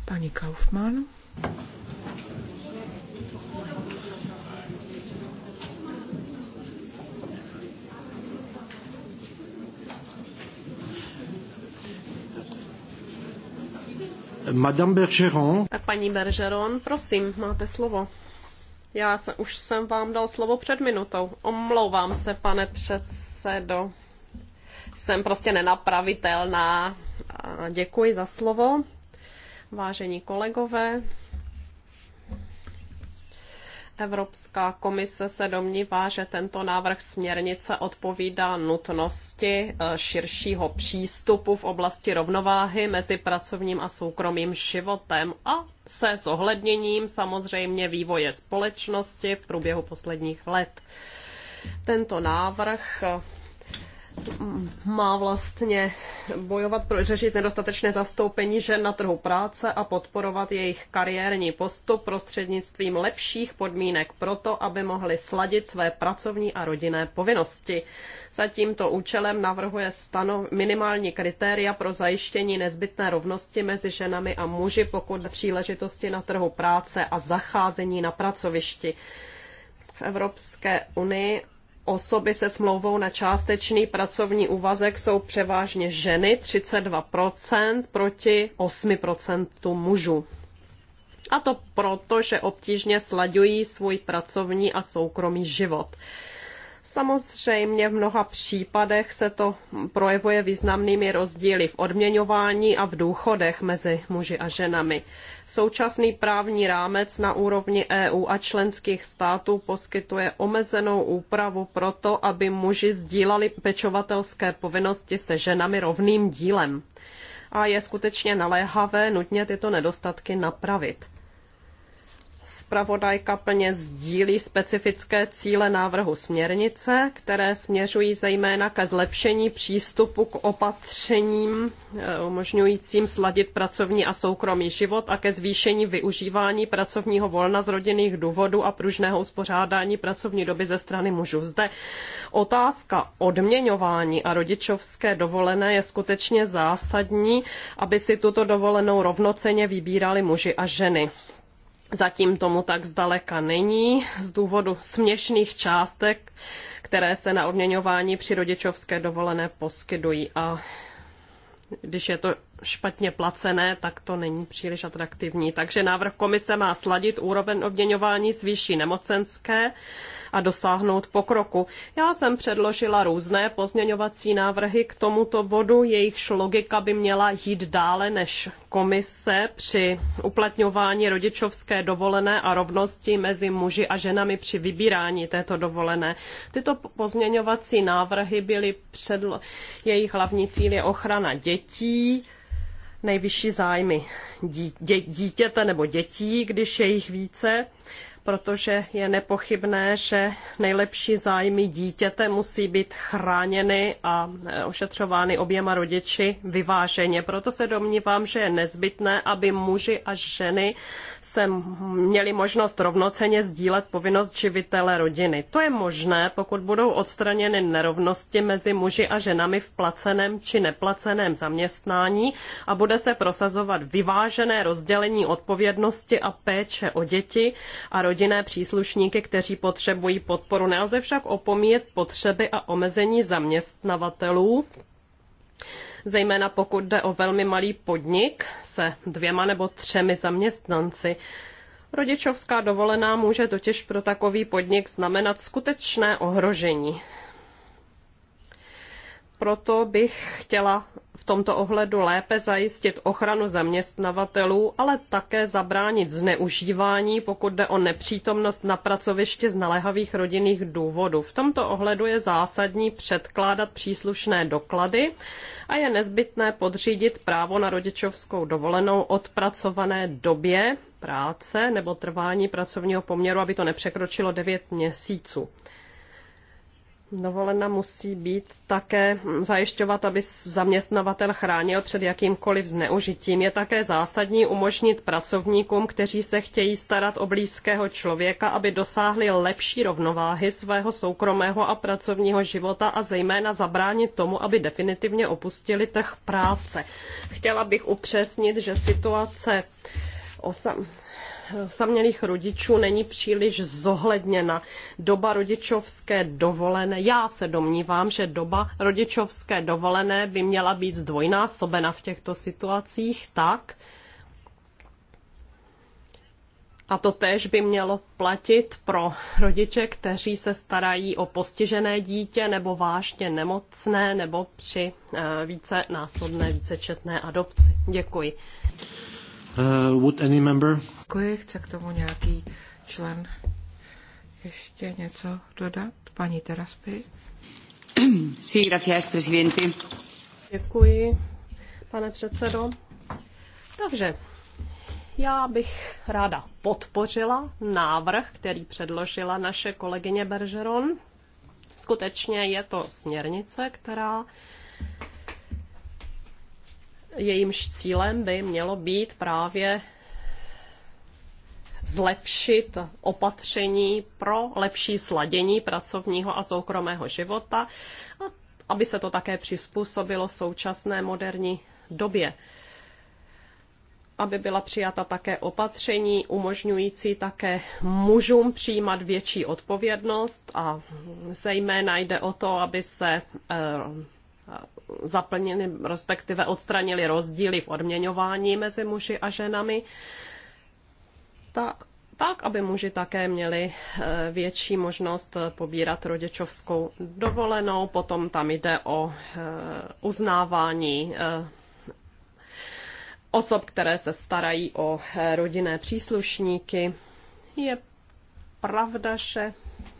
Pani Kaufman. Madame Bergeron. Tak paní Bergeron, prosím, máte slovo. Já se, už jsem vám dal slovo před minutou. Omlouvám se, pane předsedo jsem prostě nenapravitelná. děkuji za slovo, vážení kolegové. Evropská komise se domnívá, že tento návrh směrnice odpovídá nutnosti e, širšího přístupu v oblasti rovnováhy mezi pracovním a soukromým životem a se zohledněním samozřejmě vývoje společnosti v průběhu posledních let. Tento návrh má vlastně bojovat pro řešit nedostatečné zastoupení žen na trhu práce a podporovat jejich kariérní postup prostřednictvím lepších podmínek pro to, aby mohly sladit své pracovní a rodinné povinnosti. Za tímto účelem navrhuje stanov minimální kritéria pro zajištění nezbytné rovnosti mezi ženami a muži, pokud příležitosti na trhu práce a zacházení na pracovišti. V Evropské unii Osoby se smlouvou na částečný pracovní úvazek jsou převážně ženy 32% proti 8% mužů. A to proto, že obtížně slaďují svůj pracovní a soukromý život. Samozřejmě v mnoha případech se to projevuje významnými rozdíly v odměňování a v důchodech mezi muži a ženami. Současný právní rámec na úrovni EU a členských států poskytuje omezenou úpravu pro to, aby muži sdílali pečovatelské povinnosti se ženami rovným dílem. A je skutečně naléhavé nutně tyto nedostatky napravit zpravodajka plně sdílí specifické cíle návrhu směrnice, které směřují zejména ke zlepšení přístupu k opatřením eh, umožňujícím sladit pracovní a soukromý život a ke zvýšení využívání pracovního volna z rodinných důvodů a pružného uspořádání pracovní doby ze strany mužů. Zde otázka odměňování a rodičovské dovolené je skutečně zásadní, aby si tuto dovolenou rovnocenně vybírali muži a ženy. Zatím tomu tak zdaleka není z důvodu směšných částek, které se na odměňování při rodičovské dovolené poskytují. A když je to špatně placené, tak to není příliš atraktivní. Takže návrh komise má sladit úroveň obměňování s výší nemocenské a dosáhnout pokroku. Já jsem předložila různé pozměňovací návrhy k tomuto bodu, jejichž logika by měla jít dále než komise při uplatňování rodičovské dovolené a rovnosti mezi muži a ženami při vybírání této dovolené. Tyto pozměňovací návrhy byly předlo... jejich hlavní cíl je ochrana dětí, nejvyšší zájmy dítěte nebo dětí, když je jich více, protože je nepochybné, že nejlepší zájmy dítěte musí být chráněny a e, ošetřovány oběma rodiči vyváženě. Proto se domnívám, že je nezbytné, aby muži a ženy se měli možnost rovnoceně sdílet povinnost živitele rodiny. To je možné, pokud budou odstraněny nerovnosti mezi muži a ženami v placeném či neplaceném zaměstnání a bude se prosazovat vyvážené rozdělení odpovědnosti a péče o děti a rodinné příslušníky, kteří potřebují podporu. Nelze však opomíjet potřeby a omezení zaměstnavatelů, zejména pokud jde o velmi malý podnik se dvěma nebo třemi zaměstnanci. Rodičovská dovolená může totiž pro takový podnik znamenat skutečné ohrožení proto bych chtěla v tomto ohledu lépe zajistit ochranu zaměstnavatelů, ale také zabránit zneužívání, pokud jde o nepřítomnost na pracovišti z naléhavých rodinných důvodů. V tomto ohledu je zásadní předkládat příslušné doklady a je nezbytné podřídit právo na rodičovskou dovolenou odpracované době práce nebo trvání pracovního poměru, aby to nepřekročilo 9 měsíců. Dovolena musí být také zajišťovat, aby zaměstnavatel chránil před jakýmkoliv zneužitím. Je také zásadní umožnit pracovníkům, kteří se chtějí starat o blízkého člověka, aby dosáhli lepší rovnováhy svého soukromého a pracovního života a zejména zabránit tomu, aby definitivně opustili trh práce. Chtěla bych upřesnit, že situace osam, samělých rodičů není příliš zohledněna. Doba rodičovské dovolené, já se domnívám, že doba rodičovské dovolené by měla být zdvojnásobena v těchto situacích tak, a to též by mělo platit pro rodiče, kteří se starají o postižené dítě nebo vážně nemocné nebo při eh, více násobné, vícečetné adopci. Děkuji. Uh, would any member? Děkuji. Chce k tomu nějaký člen ještě něco dodat? Paní Teraspy? Sí, gracias, presidente. Děkuji, pane předsedo. Takže já bych ráda podpořila návrh, který předložila naše kolegyně Bergeron. Skutečně je to směrnice, která jejímž cílem by mělo být právě zlepšit opatření pro lepší sladění pracovního a soukromého života, aby se to také přizpůsobilo současné moderní době. Aby byla přijata také opatření umožňující také mužům přijímat větší odpovědnost a zejména jde o to, aby se eh, zaplnili, respektive odstranili rozdíly v odměňování mezi muži a ženami, ta, tak, aby muži také měli e, větší možnost pobírat rodičovskou dovolenou. Potom tam jde o e, uznávání e, osob, které se starají o rodinné příslušníky. Je pravda, že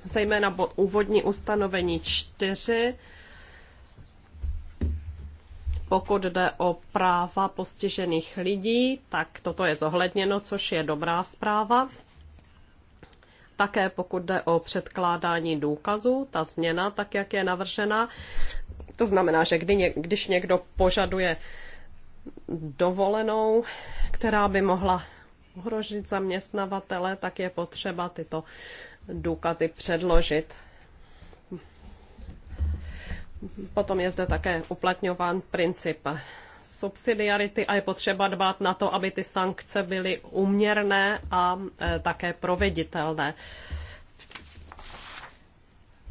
zejména bod úvodní ustanovení 4 pokud jde o práva postižených lidí, tak toto je zohledněno, což je dobrá zpráva. Také pokud jde o předkládání důkazů, ta změna, tak jak je navržena, to znamená, že kdy, když někdo požaduje dovolenou, která by mohla ohrožit zaměstnavatele, tak je potřeba tyto důkazy předložit Potom je zde také uplatňován princip subsidiarity a je potřeba dbát na to, aby ty sankce byly uměrné a e, také proveditelné.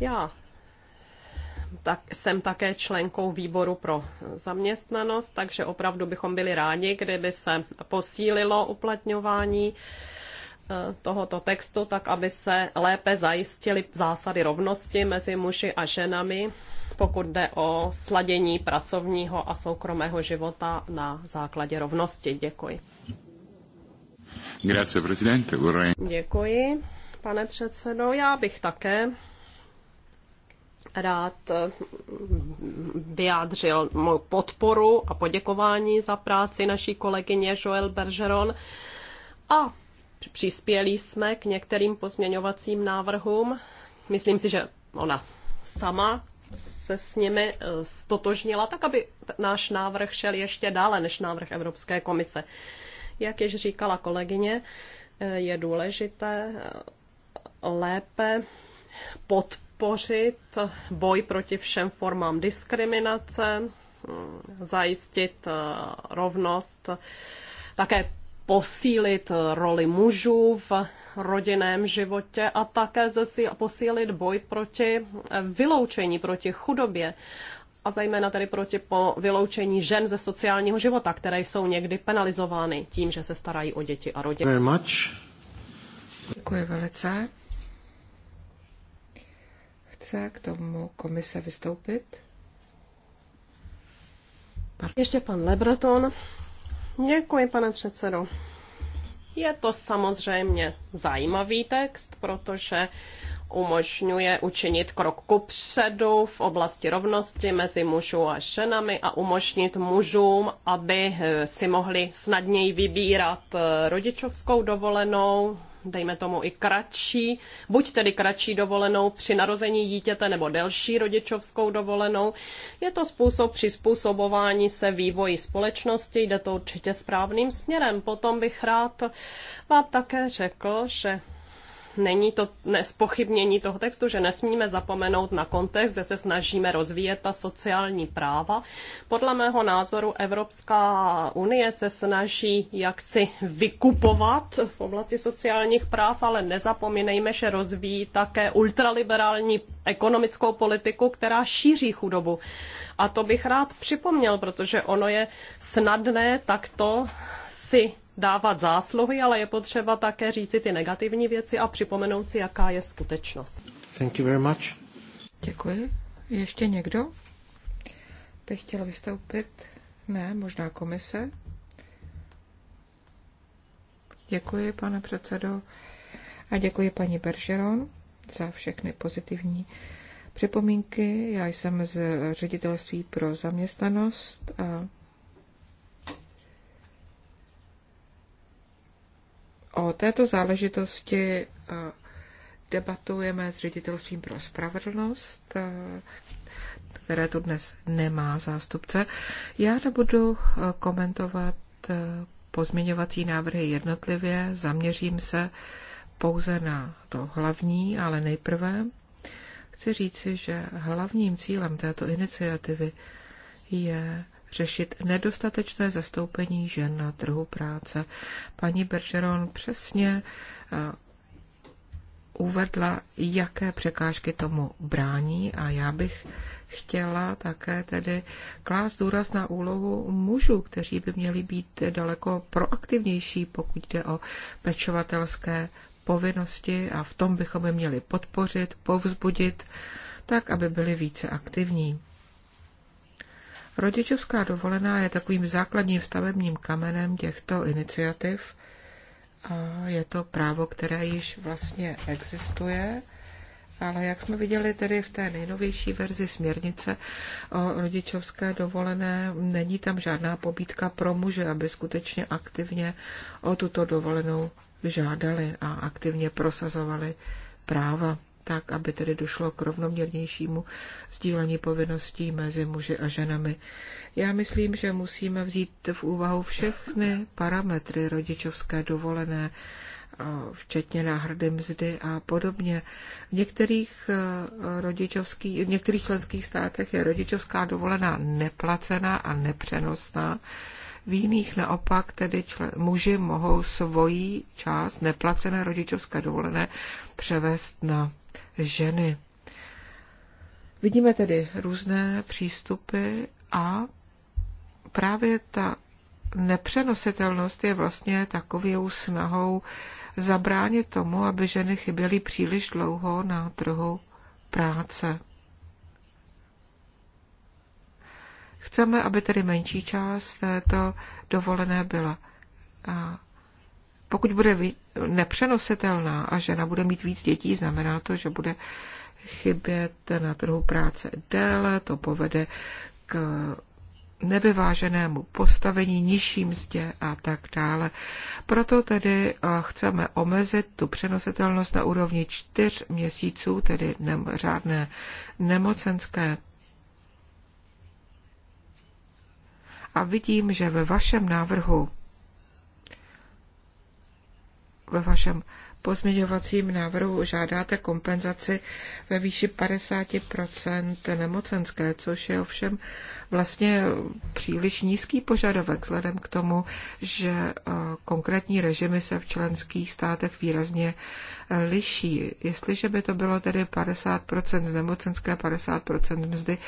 Já tak jsem také členkou výboru pro zaměstnanost, takže opravdu bychom byli rádi, kdyby se posílilo uplatňování e, tohoto textu, tak aby se lépe zajistily zásady rovnosti mezi muži a ženami pokud jde o sladění pracovního a soukromého života na základě rovnosti. Děkuji. Grazie, presidente. Vorrei... Děkuji, pane předsedo. Já bych také rád eh, vyjádřil mou podporu a poděkování za práci naší kolegyně Joel Bergeron a přispěli jsme k některým pozměňovacím návrhům. Myslím si, že ona sama se s nimi eh, stotožnila, tak aby náš návrh šel ještě dále než návrh Evropské komise. Jak již říkala kolegyně, eh, je důležité eh, lépe podpořit boj proti všem formám diskriminace, mm, zajistit rovnost, také posílit roli mužů v rodinném životě a také zase posílit boj proti vyloučení, proti chudobě a zejména tedy proti po vyloučení žen ze sociálního života, které jsou někdy penalizovány tím, že se starají o děti a rodiny. Very much. Děkuji velice. Chce k tomu komise vystoupit? Ještě pan Lebreton. Děkuji, pane předsedo. Je to samozřejmě zajímavý text, protože umožňuje učinit krok ku předu v oblasti rovnosti mezi mužů a ženami a umožnit mužům, aby si mohli snadněji vybírat rodičovskou dovolenou, dejme tomu i kratší, buď tedy kratší dovolenou při narození dítěte nebo delší rodičovskou dovolenou. Je to způsob přizpůsobování se vývoji společnosti, jde to určitě správným směrem. Potom bych rád vám také řekl, že není to nespochybnění toho textu, že nesmíme zapomenout na kontext, kde se snažíme rozvíjet ta sociální práva. Podle mého názoru Evropská unie se snaží jaksi vykupovat v oblasti sociálních práv, ale nezapomínejme, že rozvíjí také ultraliberální ekonomickou politiku, která šíří chudobu. A to bych rád připomněl, protože ono je snadné takto si dávat zásluhy, ale je potřeba také říci ty negativní věci a připomenout si, jaká je skutečnost. Thank you very much. Děkuji. Ještě někdo by chtěl vystoupit? Ne, možná komise? Děkuji, pane předsedo, a děkuji paní Bergeron za všechny pozitivní připomínky. Já jsem z ředitelství pro zaměstnanost a O této záležitosti eh, debatujeme s ředitelstvím pro spravedlnost, eh, které tu dnes nemá zástupce. Já nebudu eh, komentovat pozměňovací návrhy jednotlivě, zaměřím se pouze na to hlavní, ale nejprve chci říci, že hlavním cílem této iniciativy je řešit nedostatečné zastoupení žen na trhu práce. Paní Bergeron přesně eh, uvedla, jaké překážky tomu brání a já bych chtěla také tedy klást důraz na úlohu mužů, kteří by měli být daleko proaktivnější, pokud jde o pečovatelské povinnosti a v tom bychom je měli podpořit, povzbudit, tak, aby byli více aktivní. Rodičovská dovolená je takovým základním stavebním kamenem těchto iniciativ a je to právo, které již vlastně existuje. Ale jak jsme viděli tedy v té nejnovější verzi směrnice o rodičovské dovolené, není tam žádná pobídka pro muže, aby skutečně aktivně o tuto dovolenou žádali a aktivně prosazovali práva tak, aby tedy došlo k rovnoměrnějšímu sdílení povinností mezi muži a ženami. Já myslím, že musíme vzít v úvahu všechny parametry rodičovské dovolené, eh, včetně náhrady mzdy a podobně. V některých, eh, rodičovských, v některých členských státech je rodičovská dovolená neplacená a nepřenosná v jiných naopak tedy muži mohou svoji část neplacené rodičovské dovolené převést na ženy. Vidíme tedy různé přístupy a právě ta nepřenositelnost je vlastně takovou snahou zabránit tomu, aby ženy chyběly příliš dlouho na trhu práce. Chceme, aby tedy menší část této dovolené byla. A pokud bude nepřenositelná a žena bude mít víc dětí, znamená to, že bude chybět na trhu práce déle, to povede k nevyváženému postavení, nižší mzdě a tak dále. Proto tedy chceme omezit tu přenositelnost na úrovni čtyř měsíců, tedy řádné nemocenské a vidím, že ve vašem návrhu, ve vašem pozměňovacím návrhu žádáte kompenzaci ve výši 50 nemocenské, což je ovšem vlastně příliš nízký požadavek, vzhledem k tomu, že eh, konkrétní režimy se v členských státech výrazně liší. Jestliže by to bylo tedy 50 z nemocenské, 50 mzdy,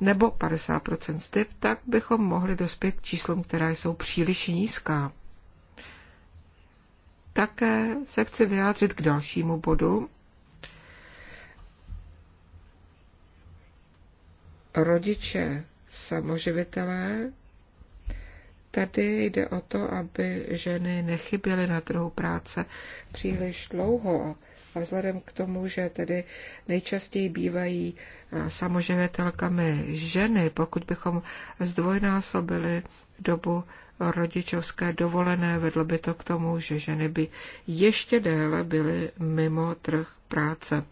nebo 50% z tak bychom mohli dospět k číslům, která jsou příliš nízká. Také se chci vyjádřit k dalšímu bodu. Rodiče samoživitelé. Tady jde o to, aby ženy nechyběly na trhu práce příliš dlouho a vzhledem k tomu, že tedy nejčastěji bývají eh, samoživitelkami ženy, pokud bychom zdvojnásobili dobu rodičovské dovolené, vedlo by to k tomu, že ženy by ještě déle byly mimo trh práce.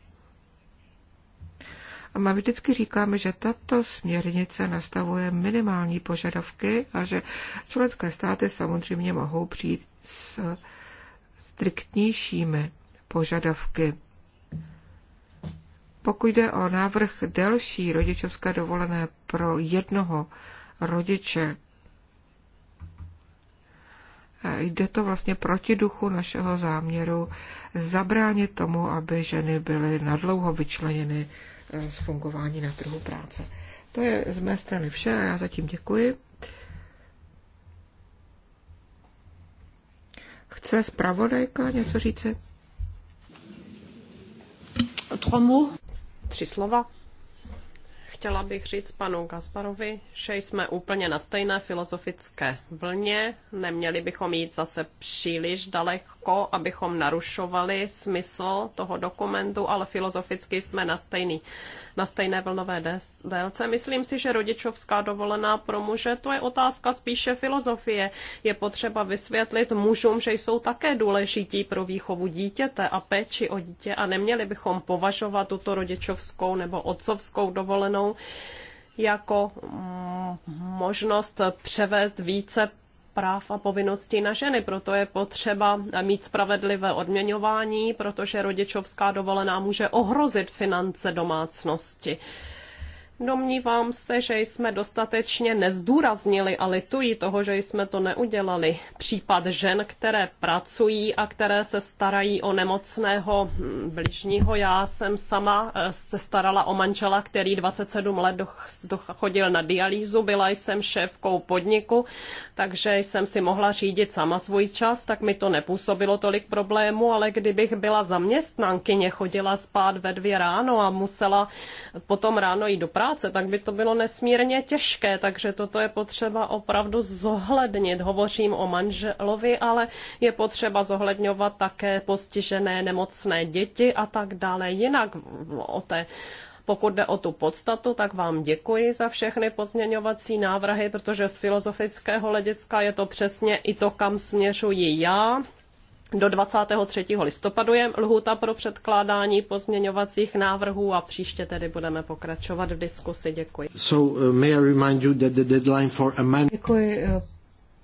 A my vždycky říkáme, že tato směrnice nastavuje minimální požadavky a že členské státy samozřejmě mohou přijít s striktnějšími požadavky. Pokud jde o návrh delší rodičovské dovolené pro jednoho rodiče, jde to vlastně proti duchu našeho záměru zabránit tomu, aby ženy byly nadlouho vyčleněny eh, z fungování na trhu práce. To je z mé strany vše a já zatím děkuji. Chce zpravodajka něco říci? Tři slova. Chtěla bych říct panu Gasparovi, že jsme úplně na stejné filozofické vlně. Neměli bychom jít zase příliš daleko, abychom narušovali smysl toho dokumentu, ale filozoficky jsme na, stejný, na stejné vlnové délce. Myslím si, že rodičovská dovolená pro muže, to je otázka spíše filozofie. Je potřeba vysvětlit mužům, že jsou také důležití pro výchovu dítěte a péči o dítě a neměli bychom považovat tuto rodičovskou nebo otcovskou dovolenou nabídnou jako mm, možnost převést více práv a povinností na ženy. Proto je potřeba mít spravedlivé odměňování, protože rodičovská dovolená může ohrozit finance domácnosti. Domnívám se, že jsme dostatečně nezdůraznili a litují toho, že jsme to neudělali. Případ žen, které pracují a které se starají o nemocného hm, bližního. Já jsem sama eh, se starala o manžela, který 27 let chodil na dialýzu, byla jsem šéfkou podniku, takže jsem si mohla řídit sama svůj čas, tak mi to nepůsobilo tolik problému, ale kdybych byla zaměstnankyně, chodila spát ve dvě ráno a musela potom ráno jít do práce, práce, tak by to bylo nesmírně těžké, takže toto je potřeba opravdu zohlednit. Hovořím o manželovi, ale je potřeba zohledňovat také postižené nemocné děti a tak dále. Jinak o té pokud jde o tu podstatu, tak vám děkuji za všechny pozměňovací návrhy, protože z filozofického hlediska je to přesně i to, kam směřuji já do 23. listopadu je lhůta pro předkládání pozměňovacích návrhů a příště tedy budeme pokračovat v diskusi. Děkuji. So, uh, may I remind you that the deadline for amendment... Děkuji. Uh,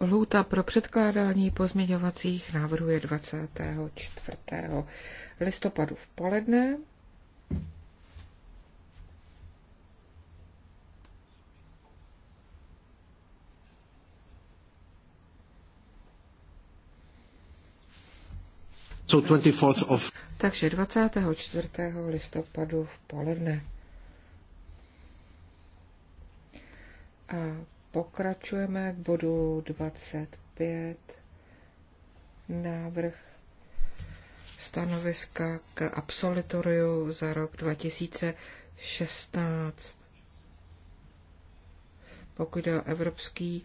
lhůta pro předkládání pozměňovacích návrhů je 24. listopadu v poledne. So 24 of... Takže 24. listopadu v poledne. A pokračujeme k bodu 25. Návrh stanoviska k absolutoriu za rok 2016. Pokud je o Evropský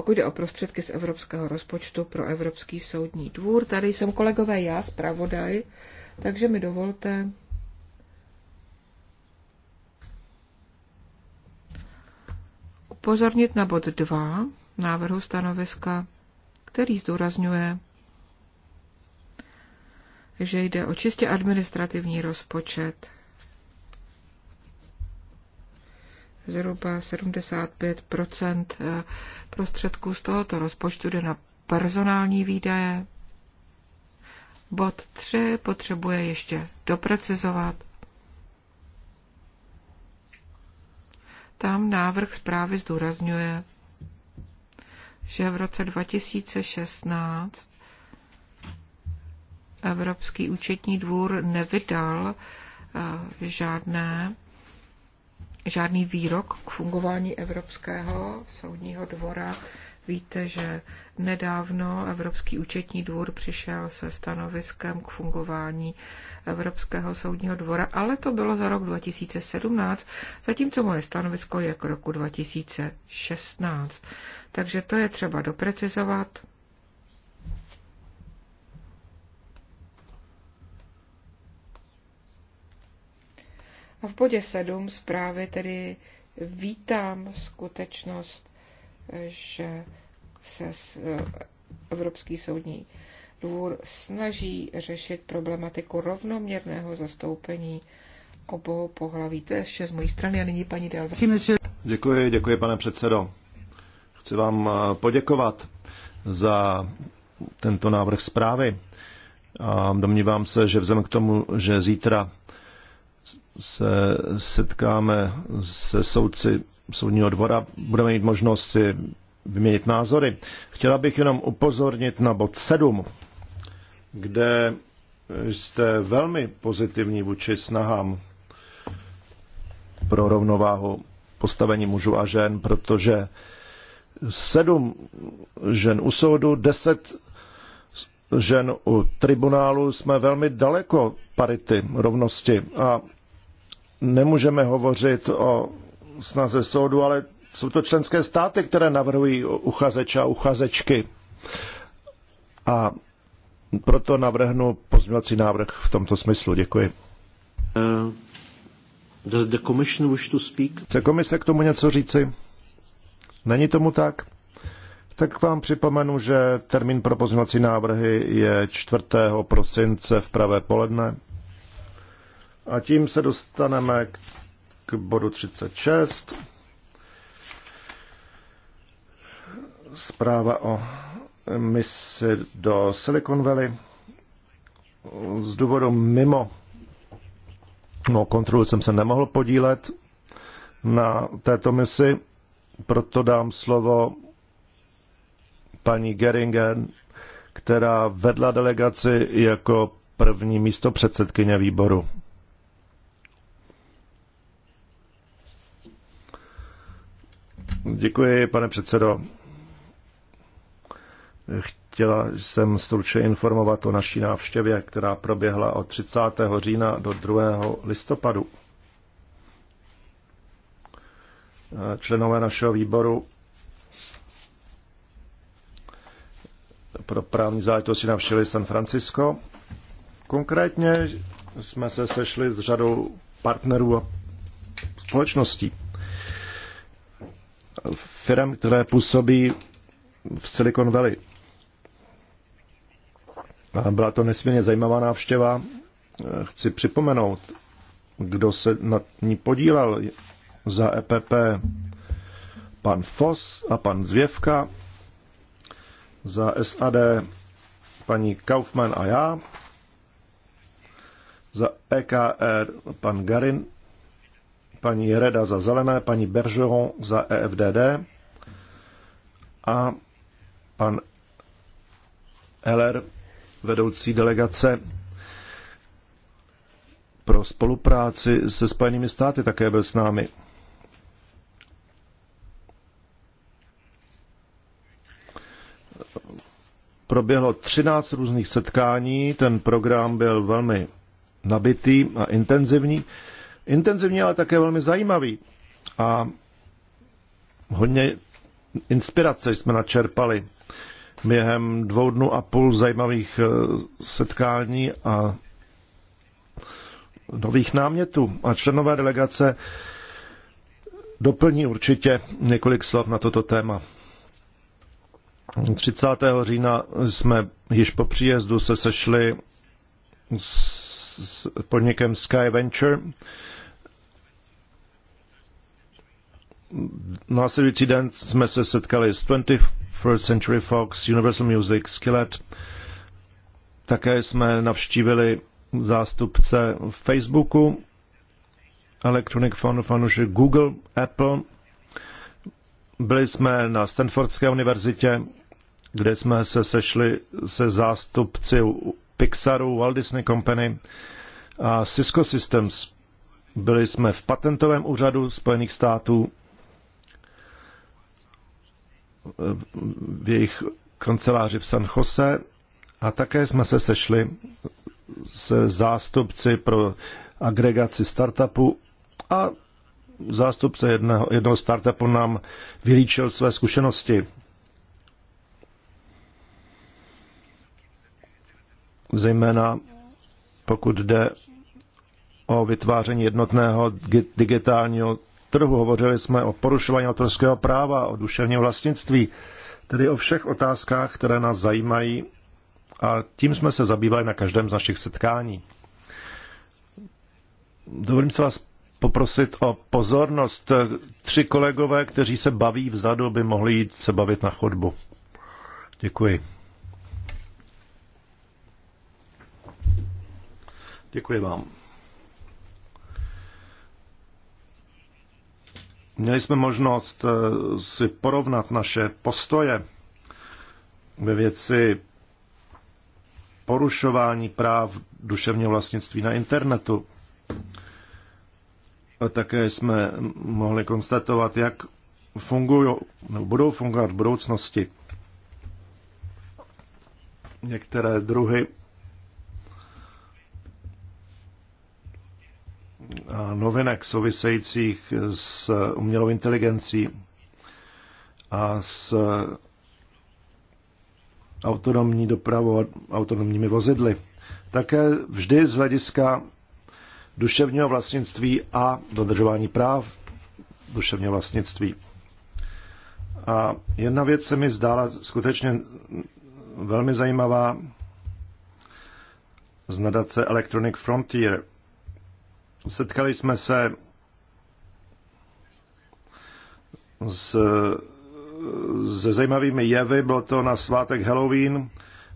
pokud jde o prostředky z evropského rozpočtu pro Evropský soudní dvůr, tady jsem kolegové já, zpravodaj, takže mi dovolte upozornit na bod 2 návrhu stanoviska, který zdůrazňuje, že jde o čistě administrativní rozpočet zhruba 75 eh, prostředků z tohoto rozpočtu jde na personální výdaje. Bod 3 potřebuje ještě doprecizovat. Tam návrh zprávy zdůrazňuje, že v roce 2016 Evropský účetní dvůr nevydal eh, žádné žádný výrok k fungování Evropského soudního dvora. Víte, že nedávno Evropský účetní dvůr přišel se stanoviskem k fungování Evropského soudního dvora, ale to bylo za rok 2017, zatímco moje stanovisko je k roku 2016. Takže to je třeba doprecizovat A v bodě sedm zprávy tedy vítám skutečnost, že se eh, Evropský soudní dvůr snaží řešit problematiku rovnoměrného zastoupení obou pohlaví. To je ještě z mojí strany a nyní paní Delva. Děkuji, děkuji pane předsedo. Chci vám eh, poděkovat za tento návrh zprávy. A domnívám se, že vzhledem k tomu, že zítra se setkáme se soudci soudního dvora, budeme mít možnost si vyměnit názory. Chtěla bych jenom upozornit na bod 7, kde jste velmi pozitivní vůči snahám pro rovnováhu postavení mužů a žen, protože sedm žen u soudu, deset žen u tribunálu jsme velmi daleko parity, rovnosti a nemůžeme hovořit o snaze soudu, ale jsou to členské státy, které navrhují uchazeče a uchazečky. A proto navrhnu pozměňovací návrh v tomto smyslu. Děkuji. Uh, does the commission wish to speak? Chce komise k tomu něco říci? Není tomu tak? Tak vám připomenu, že termín pro pozměňovací návrhy je 4. prosince v pravé poledne. A tím se dostaneme k bodu 36. Zpráva o misi do Silicon Valley z důvodu mimo no, kontrolu jsem se nemohl podílet na této misi, proto dám slovo paní Geringen, která vedla delegaci jako první místo předsedkyně výboru. Děkuji, pane předsedo. Chtěla jsem stručně informovat o naší návštěvě, která proběhla od 30. října do 2. listopadu. Členové našeho výboru pro právní záležitosti navštívili San Francisco. Konkrétně jsme se sešli s řadou partnerů a společností firm, které působí v Silicon Valley. byla to nesmírně zajímavá návštěva. Chci připomenout, kdo se na ní podílel za EPP, pan Fos a pan Zvěvka, za SAD paní Kaufmann a já, za EKR pan Garin paní Reda za Zelené, paní Bergeron za EFDD a pan Eller, vedoucí delegace pro spolupráci se Spojenými státy, také byl s námi. Proběhlo 13 různých setkání, ten program byl velmi nabitý a intenzivní intenzivní, ale také velmi zajímavý. A hodně inspirace jsme načerpali během dvou dnů a půl zajímavých eh, setkání a nových námětů. A členové delegace doplní určitě několik slov na toto téma. 30. října jsme již po příjezdu se sešli s podnikem Sky Venture, Následující den jsme se setkali s 21st Century Fox, Universal Music, Skillet. Také jsme navštívili zástupce Facebooku, Electronic Fund Fanuši Google, Apple. Byli jsme na Stanfordské univerzitě, kde jsme se sešli se zástupci Pixaru, Walt Disney Company a Cisco Systems. Byli jsme v patentovém úřadu Spojených států v jejich kanceláři v San Jose a také jsme se sešli se zástupci pro agregaci startupu a zástupce jednoho, jednoho startupu nám vylíčil své zkušenosti. Zejména pokud jde o vytváření jednotného digitálního trhu. Hovořili jsme o porušování autorského práva, o duševním vlastnictví, tedy o všech otázkách, které nás zajímají a tím jsme se zabývali na každém z našich setkání. Dovolím se vás poprosit o pozornost. Tři kolegové, kteří se baví vzadu, by mohli jít se bavit na chodbu. Děkuji. Děkuji vám. Měli jsme možnost eh, si porovnat naše postoje ve věci porušování práv duševního vlastnictví na internetu. A také jsme mohli konstatovat, jak fungují, nebo budou fungovat v budoucnosti některé druhy a novinek souvisejících s umělou inteligencí a s autonomní dopravou a autonomními vozidly. Také vždy z hlediska duševního vlastnictví a dodržování práv duševního vlastnictví. A jedna věc se mi zdála skutečně velmi zajímavá z nadace Electronic Frontier. Setkali jsme se s, se zajímavými jevy, bylo to na svátek Halloween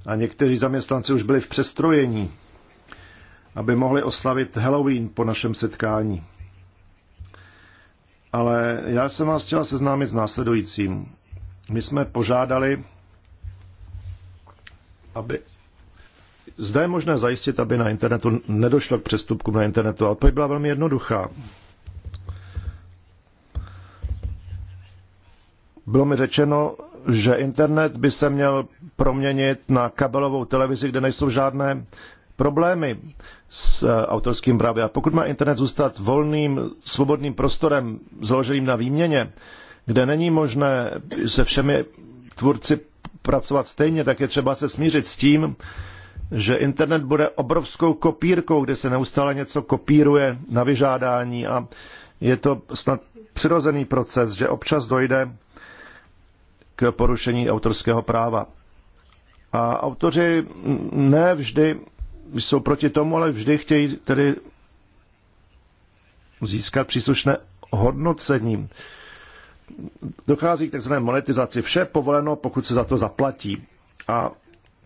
a někteří zaměstnanci už byli v přestrojení, aby mohli oslavit Halloween po našem setkání. Ale já jsem vás chtěla seznámit s následujícím. My jsme požádali, aby Zda je možné zajistit, aby na internetu nedošlo k přestupkům na internetu? A odpověď byla velmi jednoduchá. Bylo mi řečeno, že internet by se měl proměnit na kabelovou televizi, kde nejsou žádné problémy s eh, autorským právem. A pokud má internet zůstat volným, svobodným prostorem, založeným na výměně, kde není možné se všemi tvůrci pracovat stejně, tak je třeba se smířit s tím, že internet bude obrovskou kopírkou, kde se neustále něco kopíruje na vyžádání a je to snad přirozený proces, že občas dojde k porušení autorského práva. A autoři ne vždy jsou proti tomu, ale vždy chtějí tedy získat příslušné hodnocení. Dochází k takzvané monetizaci. Vše povoleno, pokud se za to zaplatí. A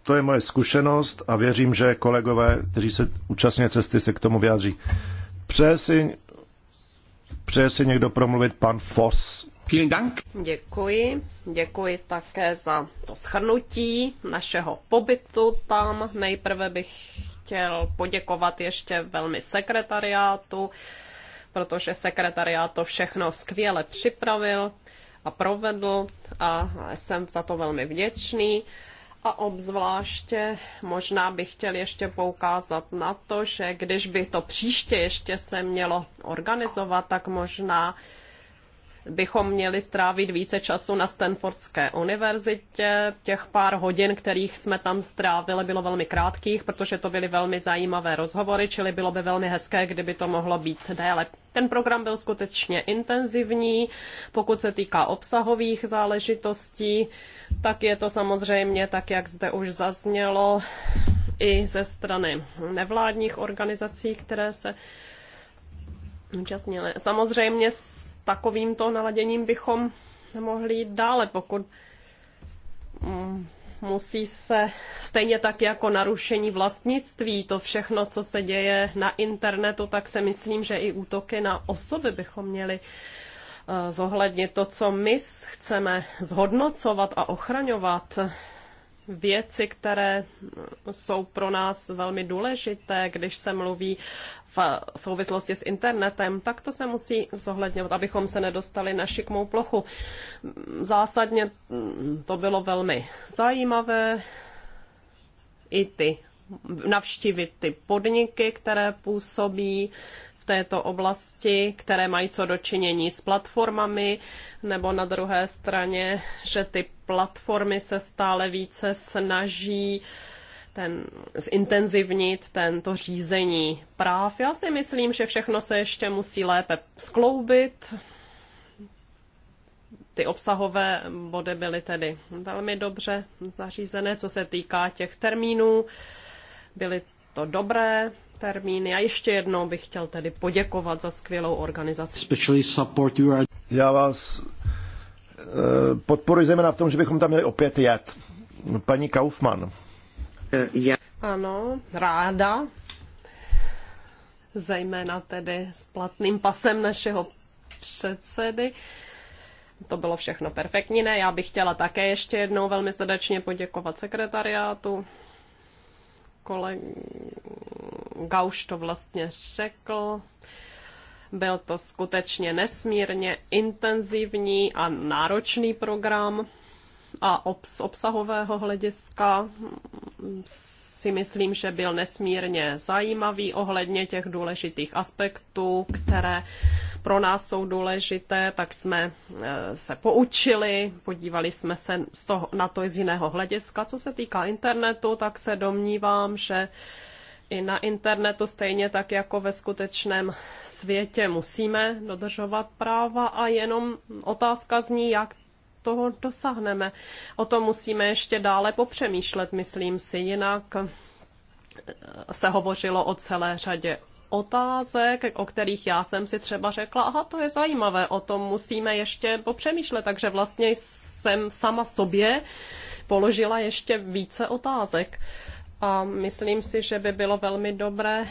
to je moje zkušenost a věřím, že kolegové, kteří se účastní cesty, se k tomu vyjádří. Přeje si, přeje si někdo promluvit pan Foss. Děkuji. Děkuji také za to schrnutí našeho pobytu tam. Nejprve bych chtěl poděkovat ještě velmi sekretariátu, protože sekretariát to všechno skvěle připravil a provedl a jsem za to velmi vděčný. A obzvláště možná bych chtěl ještě poukázat na to, že když by to příště ještě se mělo organizovat, tak možná bychom měli strávit více času na Stanfordské univerzitě. Těch pár hodin, kterých jsme tam strávili, bylo velmi krátkých, protože to byly velmi zajímavé rozhovory, čili bylo by velmi hezké, kdyby to mohlo být déle. Ten program byl skutečně intenzivní. Pokud se týká obsahových záležitostí, tak je to samozřejmě tak, jak zde už zaznělo, i ze strany nevládních organizací, které se účastnily. Samozřejmě takovýmto naladěním bychom nemohli jít dále, pokud mm, musí se stejně tak jako narušení vlastnictví, to všechno, co se děje na internetu, tak se myslím, že i útoky na osoby bychom měli eh, zohlednit to, co my chceme zhodnocovat a ochraňovat, věci, které jsou pro nás velmi důležité, když se mluví v souvislosti s internetem, tak to se musí zohledňovat, abychom se nedostali na šikmou plochu. Zásadně to bylo velmi zajímavé. I ty navštívit ty podniky, které působí v této oblasti, které mají co dočinění s platformami, nebo na druhé straně, že ty platformy se stále více snaží ten, zintenzivnit tento řízení práv. Já si myslím, že všechno se ještě musí lépe skloubit. Ty obsahové body byly tedy velmi dobře zařízené, co se týká těch termínů. Byly to dobré termíny a ještě jednou bych chtěl tedy poděkovat za skvělou organizaci. Já vás Eh, podporuji zejména v tom, že bychom tam měli opět jet. Paní Kaufmann. Eh, ano, ráda. Zejména tedy s platným pasem našeho předsedy. To bylo všechno perfektní, ne? Já bych chtěla také ještě jednou velmi srdečně poděkovat sekretariátu. Kolega Gauš to vlastně řekl. Byl to skutečně nesmírně intenzivní a náročný program a z obsahového hlediska si myslím, že byl nesmírně zajímavý ohledně těch důležitých aspektů, které pro nás jsou důležité, tak jsme e, se poučili, podívali jsme se z toho, na to z jiného hlediska. Co se týká internetu, tak se domnívám, že i na internetu, stejně tak jako ve skutečném světě musíme dodržovat práva a jenom otázka zní, jak toho dosáhneme. O tom musíme ještě dále popřemýšlet, myslím si, jinak eh, se hovořilo o celé řadě otázek, o kterých já jsem si třeba řekla, aha, to je zajímavé, o tom musíme ještě popřemýšlet, takže vlastně jsem sama sobě položila ještě více otázek. Uh, a myslím si, že by bylo velmi dobré,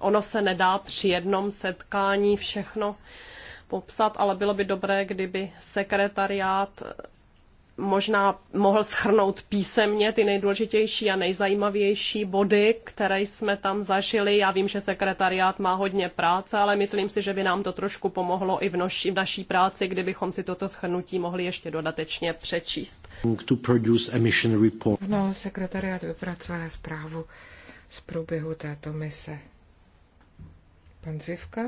ono se nedá při jednom setkání všechno popsat, ale bylo by dobré, kdyby sekretariát možná mohl schrnout písemně ty nejdůležitější a nejzajímavější body, které jsme tam zažili. Já vím, že sekretariát má hodně práce, ale myslím si, že by nám to trošku pomohlo i v, noši, v naší práci, kdybychom si toto schrnutí mohli ještě dodatečně přečíst. No, sekretariát vypracuje zprávu z průběhu této mise. Pan Zvivka?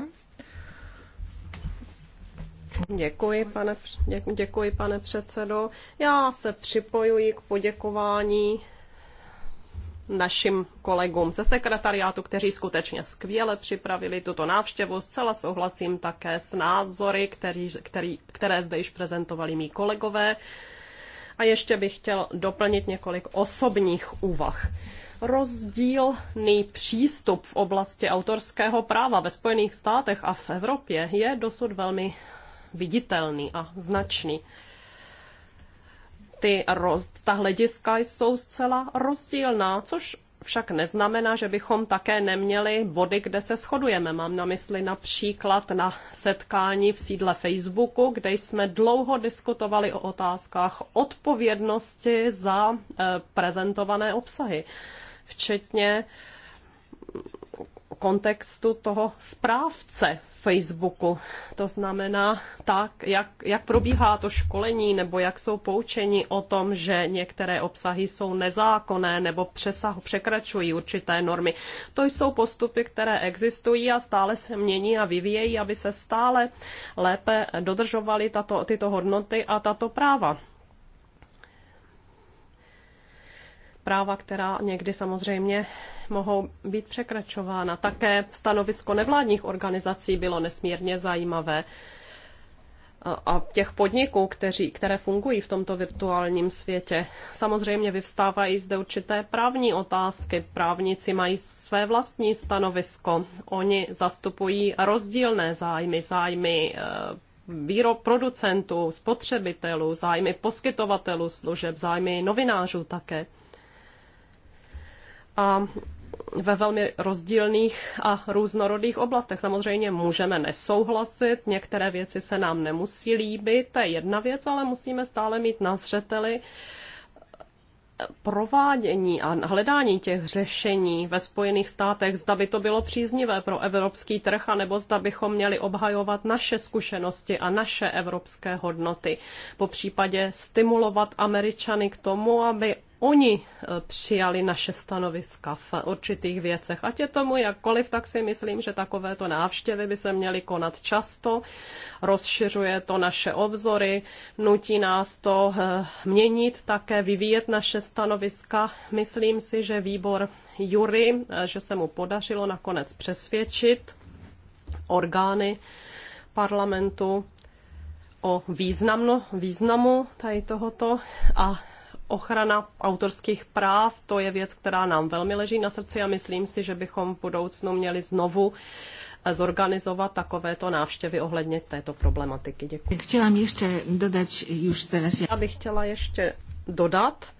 Děkuji pane, děkuji, pane předsedo. Já se připojuji k poděkování našim kolegům ze sekretariátu, kteří skutečně skvěle připravili tuto návštěvu. Zcela souhlasím také s názory, který, který, které zde již prezentovali mý kolegové. A ještě bych chtěl doplnit několik osobních úvah. Rozdílný přístup v oblasti autorského práva ve Spojených státech a v Evropě je dosud velmi viditelný a značný. Ty roz, ta hlediska jsou zcela rozdílná, což však neznamená, že bychom také neměli body, kde se shodujeme. Mám na mysli například na setkání v sídle Facebooku, kde jsme dlouho diskutovali o otázkách odpovědnosti za eh, prezentované obsahy, včetně eh, kontextu toho správce Facebooku. To znamená, tak, jak, jak probíhá to školení nebo jak jsou poučeni o tom, že některé obsahy jsou nezákonné nebo přesah, překračují určité normy. To jsou postupy, které existují a stále se mění a vyvíjejí, aby se stále lépe dodržovaly tyto hodnoty a tato práva. práva, která někdy samozřejmě mohou být překračována. Také stanovisko nevládních organizací bylo nesmírně zajímavé a těch podniků, kteří, které fungují v tomto virtuálním světě. Samozřejmě vyvstávají zde určité právní otázky. Právníci mají své vlastní stanovisko. Oni zastupují rozdílné zájmy, zájmy eh, výrob producentů, spotřebitelů, zájmy poskytovatelů služeb, zájmy novinářů také a ve velmi rozdílných a různorodých oblastech. Samozřejmě můžeme nesouhlasit, některé věci se nám nemusí líbit, to je jedna věc, ale musíme stále mít na zřeteli provádění a hledání těch řešení ve Spojených státech, zda by to bylo příznivé pro evropský trh, anebo zda bychom měli obhajovat naše zkušenosti a naše evropské hodnoty. Po případě stimulovat Američany k tomu, aby oni eh, přijali naše stanoviska v určitých věcech. Ať je tomu jakkoliv, tak si myslím, že takovéto návštěvy by se měly konat často. Rozšiřuje to naše obzory, nutí nás to eh, měnit také, vyvíjet naše stanoviska. Myslím si, že výbor Jury, eh, že se mu podařilo nakonec přesvědčit orgány parlamentu o významno, významu tady tohoto a ochrana autorských práv, to je věc, která nám velmi leží na srdci a myslím si, že bychom v budoucnu měli znovu eh, zorganizovat takovéto návštěvy ohledně této problematiky. Děkuji. Chtěla ještě dodat, už teraz... Já bych chtěla ještě dodat,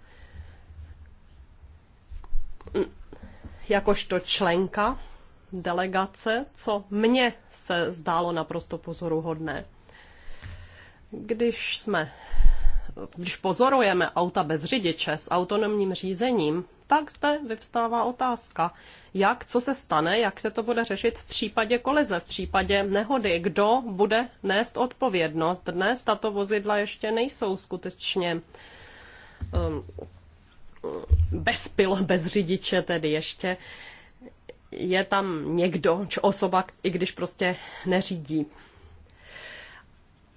mm, jakožto členka delegace, co mně se zdálo naprosto pozoruhodné. Když jsme když pozorujeme auta bez řidiče s autonomním řízením, tak zde vyvstává otázka, jak, co se stane, jak se to bude řešit v případě kolize, v případě nehody, kdo bude nést odpovědnost. Dnes tato vozidla ještě nejsou skutečně um, bez pil, bez řidiče tedy ještě. Je tam někdo, či osoba, i když prostě neřídí.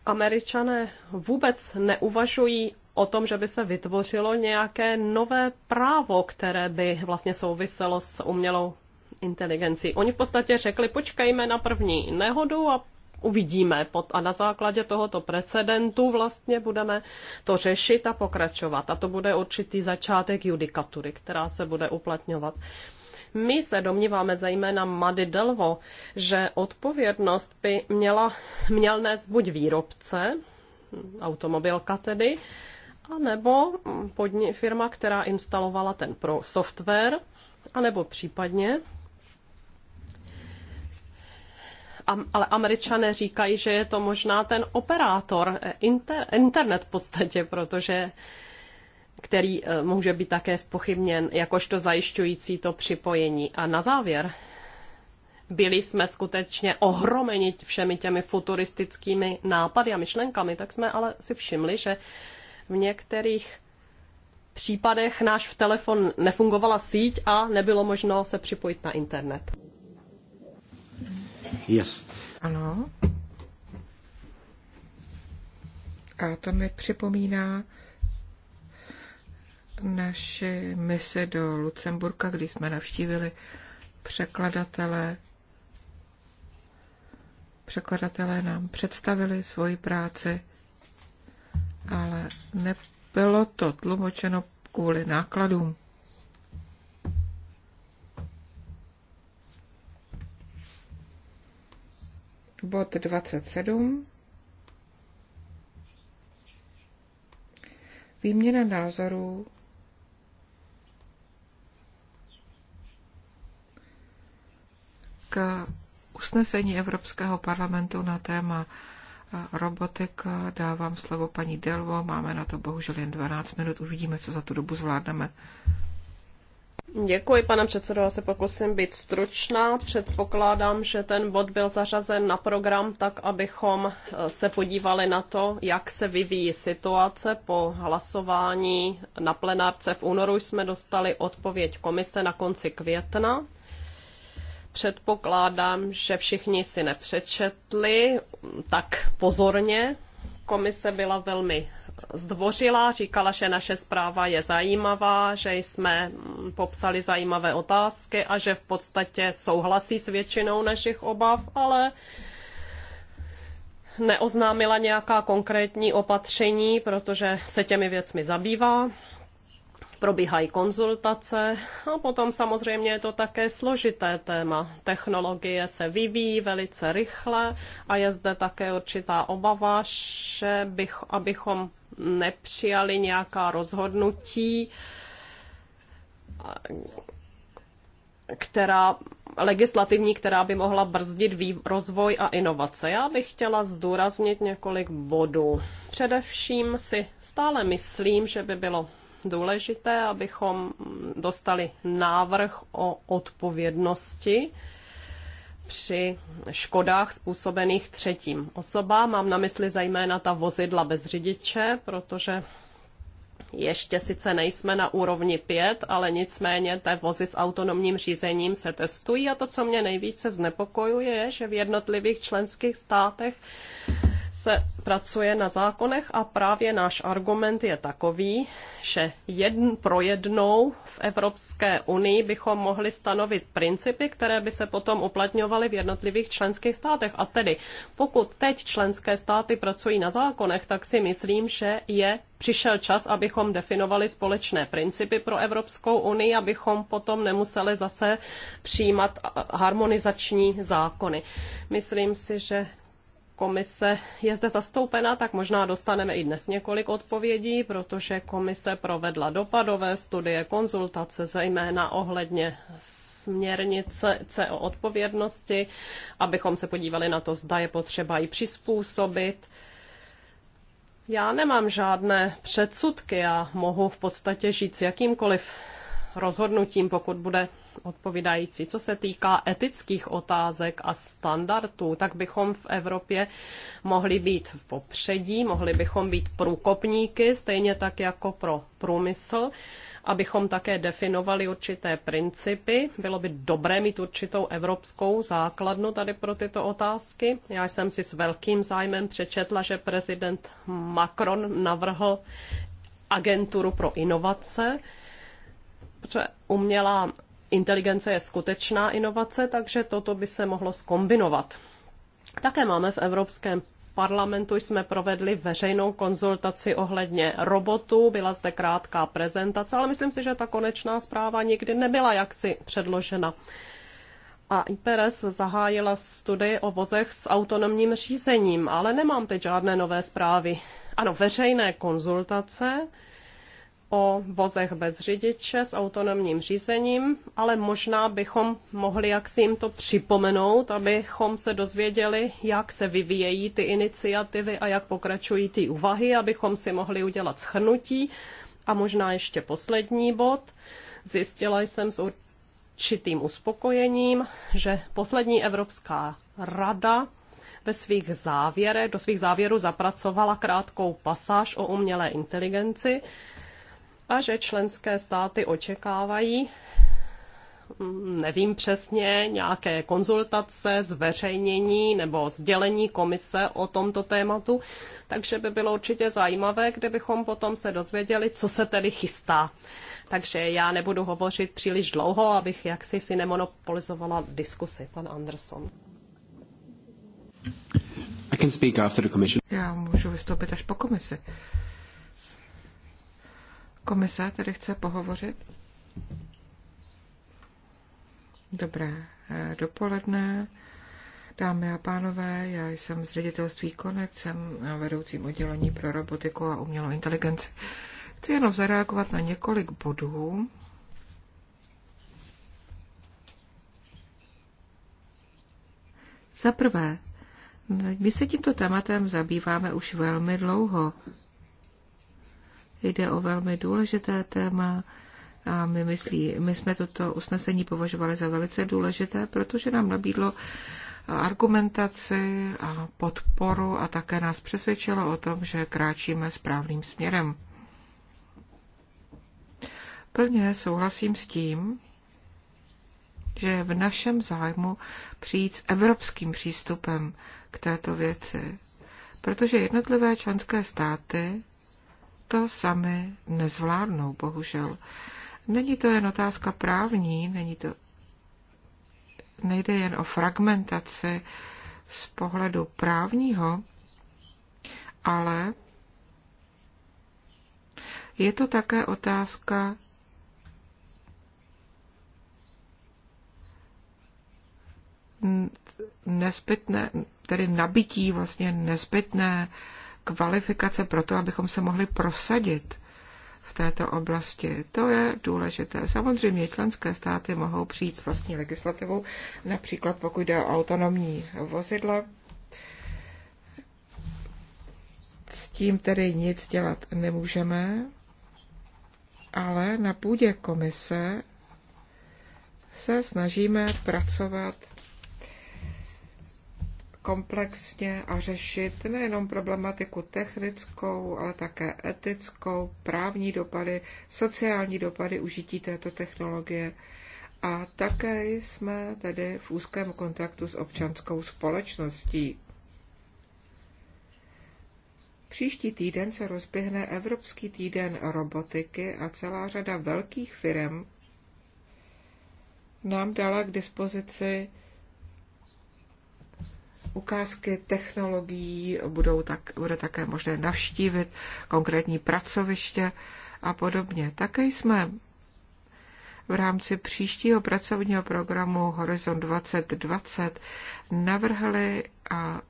Američané vůbec neuvažují o tom, že by se vytvořilo nějaké nové právo, které by vlastně souviselo s umělou inteligencí. Oni v podstatě řekli, počkejme na první nehodu a uvidíme. A na základě tohoto precedentu vlastně budeme to řešit a pokračovat. A to bude určitý začátek judikatury, která se bude uplatňovat. My se domníváme zejména Mady Delvo, že odpovědnost by měla, měl nést buď výrobce, automobilka tedy, anebo podni- firma, která instalovala ten pro software, anebo případně ale američané říkají, že je to možná ten operátor, eh, inter, internet v podstatě, protože který eh, může být také spochybněn jakožto zajišťující to připojení. A na závěr byli jsme skutečně ohromeni všemi těmi futuristickými nápady a myšlenkami, tak jsme ale si všimli, že v některých případech náš v telefon nefungovala síť a nebylo možno se připojit na internet. Yes. Ano. A to mi připomíná naši misi do Lucemburka, kdy jsme navštívili překladatele. Překladatelé nám představili svoji práci, ale nebylo to tlumočeno kvůli nákladům. Bod 27. Výměna názorů k usnesení Evropského parlamentu na téma e, robotika. Dávám slovo paní Delvo. Máme na to bohužel jen 12 minut. Uvidíme, co za tu dobu zvládneme. Děkuji, pane předsedo. Já se pokusím být stručná. Předpokládám, že ten bod byl zařazen na program tak, abychom e, se podívali na to, jak se vyvíjí situace po hlasování na plenárce v únoru. Jsme dostali odpověď komise na konci května Předpokládám, že všichni si nepřečetli tak pozorně. Komise byla velmi zdvořila, říkala, že naše zpráva je zajímavá, že jsme popsali zajímavé otázky a že v podstatě souhlasí s většinou našich obav, ale neoznámila nějaká konkrétní opatření, protože se těmi věcmi zabývá probíhají konzultace a potom samozřejmě je to také složité téma. Technologie se vyvíjí velice rychle a je zde také určitá obava, že bych, abychom nepřijali nějaká rozhodnutí, která legislativní, která by mohla brzdit vý, rozvoj a inovace. Já bych chtěla zdůraznit několik bodů. Především si stále myslím, že by bylo důležité, abychom dostali návrh o odpovědnosti při škodách způsobených třetím osobám. Mám na mysli zejména ta vozidla bez řidiče, protože ještě sice nejsme na úrovni 5, ale nicméně té vozy s autonomním řízením se testují a to, co mě nejvíce znepokojuje, je, že v jednotlivých členských státech se pracuje na zákonech a právě náš argument je takový, že jedn pro jednou v Evropské unii bychom mohli stanovit principy, které by se potom uplatňovaly v jednotlivých členských státech. A tedy, pokud teď členské státy pracují na zákonech, tak si myslím, že je přišel čas, abychom definovali společné principy pro Evropskou unii, abychom potom nemuseli zase přijímat harmonizační zákony. Myslím si, že komise je zde zastoupena, tak možná dostaneme i dnes několik odpovědí, protože komise provedla dopadové studie, konzultace, zejména ohledně směrnice o odpovědnosti, abychom se podívali na to, zda je potřeba ji přizpůsobit. Já nemám žádné předsudky, já mohu v podstatě žít s jakýmkoliv rozhodnutím, pokud bude odpovídající. Co se týká etických otázek a standardů, tak bychom v Evropě mohli být v popředí, mohli bychom být průkopníky, stejně tak jako pro průmysl, abychom také definovali určité principy. Bylo by dobré mít určitou evropskou základnu tady pro tyto otázky. Já jsem si s velkým zájmem přečetla, že prezident Macron navrhl agenturu pro inovace, protože umělá inteligence je skutečná inovace, takže toto by se mohlo skombinovat. Také máme v Evropském parlamentu jsme provedli veřejnou konzultaci ohledně robotů, byla zde krátká prezentace, ale myslím si, že ta konečná zpráva nikdy nebyla jaksi předložena. A IPRS zahájila studii o vozech s autonomním řízením, ale nemám teď žádné nové zprávy. Ano, veřejné konzultace, o vozech bez řidiče s autonomním řízením, ale možná bychom mohli jaksi jim to připomenout, abychom se dozvěděli, jak se vyvíjejí ty iniciativy a jak pokračují ty úvahy, abychom si mohli udělat schrnutí. A možná ještě poslední bod. Zjistila jsem s určitým uspokojením, že poslední Evropská rada ve svých závěrech, do svých závěrů zapracovala krátkou pasáž o umělé inteligenci, a že členské státy očekávají, mm, nevím přesně, nějaké konzultace, zveřejnění nebo sdělení komise o tomto tématu, takže by bylo určitě zajímavé, kdybychom potom se dozvěděli, co se tedy chystá. Takže já nebudu hovořit příliš dlouho, abych jaksi si nemonopolizovala diskusy, Pan Anderson. I can speak after the commission. Já můžu vystoupit až po komisi. Komise tedy chce pohovořit. Dobré eh, dopoledne, dámy a pánové, já jsem z ředitelství Konec, jsem vedoucím oddělení pro robotiku a umělou inteligenci. Chci jenom zareagovat na několik bodů. Za prvé, my se tímto tématem zabýváme už velmi dlouho. Jde o velmi důležité téma a my, myslí, my jsme toto usnesení považovali za velice důležité, protože nám nabídlo argumentaci a podporu a také nás přesvědčilo o tom, že kráčíme správným směrem. Plně souhlasím s tím, že je v našem zájmu přijít s evropským přístupem k této věci, protože jednotlivé členské státy to sami nezvládnou, bohužel. Není to jen otázka právní, není to, nejde jen o fragmentaci z pohledu právního, ale je to také otázka nezbytné, tedy nabití vlastně nezbytné kvalifikace pro to, abychom se mohli prosadit v této oblasti. To je důležité. Samozřejmě členské státy mohou přijít s vlastní legislativou, například pokud jde o autonomní vozidla. S tím tedy nic dělat nemůžeme, ale na půdě komise se snažíme pracovat komplexně a řešit nejenom problematiku technickou, ale také etickou, právní dopady, sociální dopady užití této technologie. A také jsme tedy v úzkém kontaktu s občanskou společností. Příští týden se rozběhne Evropský týden robotiky a celá řada velkých firm nám dala k dispozici ukázky technologií budou tak, bude také možné navštívit konkrétní pracoviště a podobně. Také jsme v rámci příštího pracovního programu Horizon 2020 navrhli a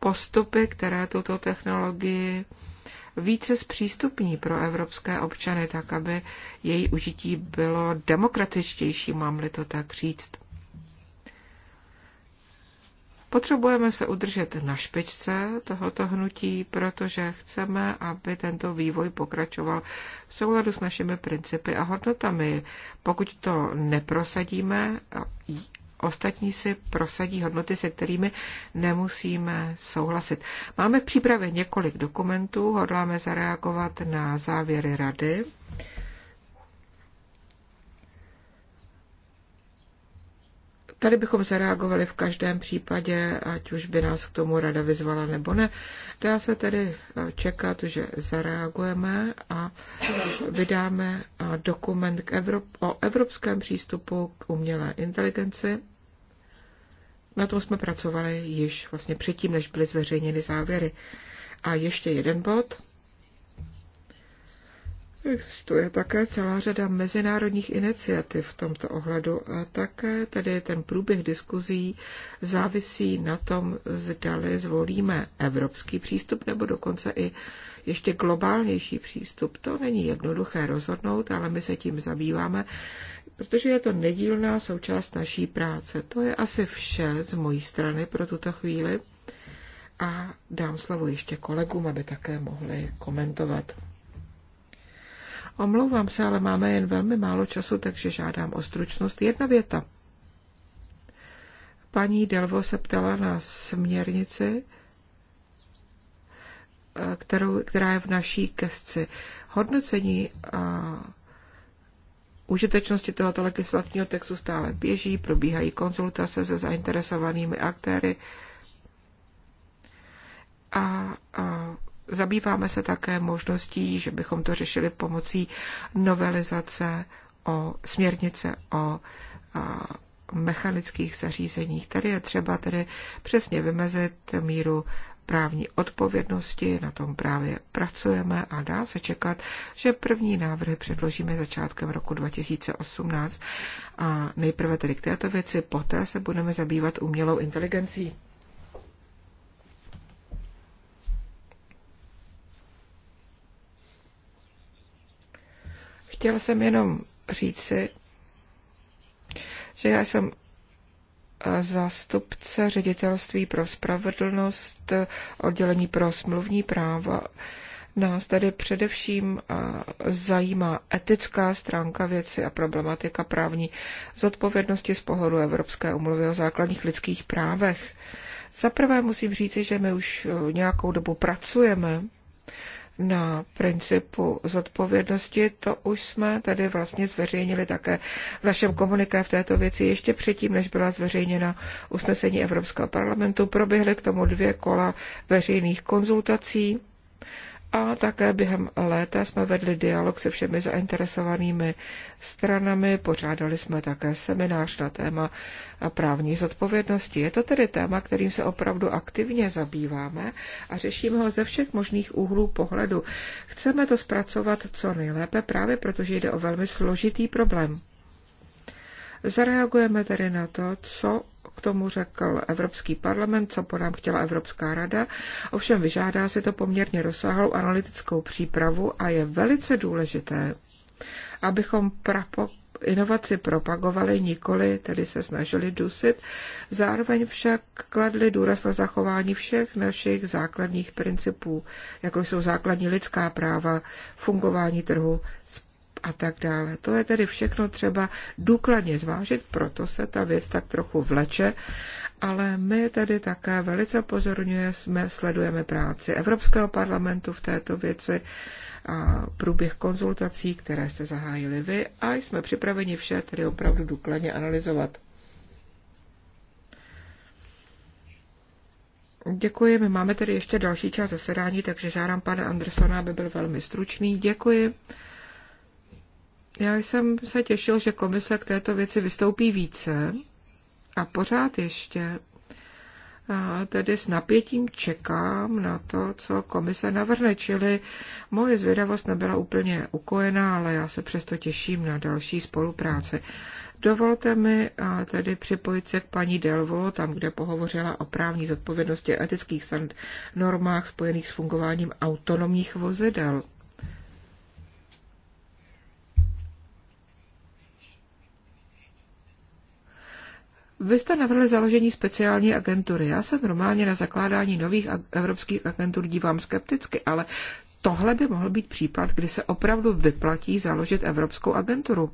postupy, které tuto technologii více zpřístupní pro evropské občany, tak aby její užití bylo demokratičtější, mám-li to tak říct. Potřebujeme se udržet na špičce tohoto hnutí, protože chceme, aby tento vývoj pokračoval v souladu s našimi principy a hodnotami. Pokud to neprosadíme, ostatní si prosadí hodnoty, se kterými nemusíme souhlasit. Máme v přípravě několik dokumentů, hodláme zareagovat na závěry rady Tady bychom zareagovali v každém případě, ať už by nás k tomu rada vyzvala nebo ne. Dá se tedy eh, čekat, že zareagujeme a vydáme eh, dokument k Evrop- o evropském přístupu k umělé inteligenci. Na tom jsme pracovali již vlastně předtím, než byly zveřejněny závěry. A ještě jeden bod. Existuje také celá řada mezinárodních iniciativ v tomto ohledu a také tedy ten průběh diskuzí závisí na tom, zdali zvolíme evropský přístup nebo dokonce i ještě globálnější přístup. To není jednoduché rozhodnout, ale my se tím zabýváme, protože je to nedílná součást naší práce. To je asi vše z mojí strany pro tuto chvíli a dám slovo ještě kolegům, aby také mohli komentovat. Omlouvám se, ale máme jen velmi málo času, takže žádám o stručnost. Jedna věta. Paní Delvo se ptala na směrnici, kterou, která je v naší kesci. Hodnocení a užitečnosti tohoto legislativního textu stále běží, probíhají konzultace se zainteresovanými aktéry a, a Zabýváme se také možností, že bychom to řešili pomocí novelizace o směrnice o mechanických zařízeních. Tady je třeba tedy přesně vymezit míru právní odpovědnosti, na tom právě pracujeme a dá se čekat, že první návrhy předložíme začátkem roku 2018 a nejprve tedy k této věci, poté se budeme zabývat umělou inteligencí. Chtěla jsem jenom říci, že já jsem eh, zástupce ředitelství pro spravedlnost, eh, oddělení pro smluvní práva. Nás tady především eh, zajímá etická stránka věci a problematika právní zodpovědnosti z pohledu Evropské umluvy o základních lidských právech. Za prvé musím říci, že my už nějakou dobu pracujeme na principu zodpovědnosti, to už jsme tady vlastně zveřejnili také v našem komuniké v této věci ještě předtím, než byla zveřejněna usnesení Evropského parlamentu. Proběhly k tomu dvě kola veřejných konzultací a také během léta jsme vedli dialog se všemi zainteresovanými stranami, pořádali jsme také seminář na téma právní zodpovědnosti. Je to tedy téma, kterým se opravdu aktivně zabýváme a řešíme ho ze všech možných úhlů pohledu. Chceme to zpracovat co nejlépe právě protože jde o velmi složitý problém. Zareagujeme tedy na to, co k tomu řekl Evropský parlament, co po nám chtěla Evropská rada. Ovšem vyžádá se to poměrně rozsáhlou analytickou přípravu a je velice důležité, abychom prapo inovaci propagovali, nikoli tedy se snažili dusit, zároveň však kladli důraz na zachování všech našich základních principů, jako jsou základní lidská práva, fungování trhu, a tak dále. To je tedy všechno třeba důkladně zvážit, proto se ta věc tak trochu vleče, ale my tedy také velice pozorňujeme, sledujeme práci Evropského parlamentu v této věci a průběh konzultací, které jste zahájili vy a jsme připraveni vše tedy opravdu důkladně analyzovat. Děkuji, my máme tedy ještě další čas zasedání, takže žádám pana Andersona, aby byl velmi stručný. Děkuji. Já jsem se těšil, že komise k této věci vystoupí více a pořád ještě tedy s napětím čekám na to, co komise navrhne, čili moje zvědavost nebyla úplně ukojená, ale já se přesto těším na další spolupráci. Dovolte mi tedy připojit se k paní Delvo, tam, kde pohovořila o právní zodpovědnosti a etických normách spojených s fungováním autonomních vozidel. Vy jste navrhli založení speciální agentury. Já se normálně na zakládání nových evropských agentur dívám skepticky, ale tohle by mohl být případ, kdy se opravdu vyplatí založit evropskou agenturu.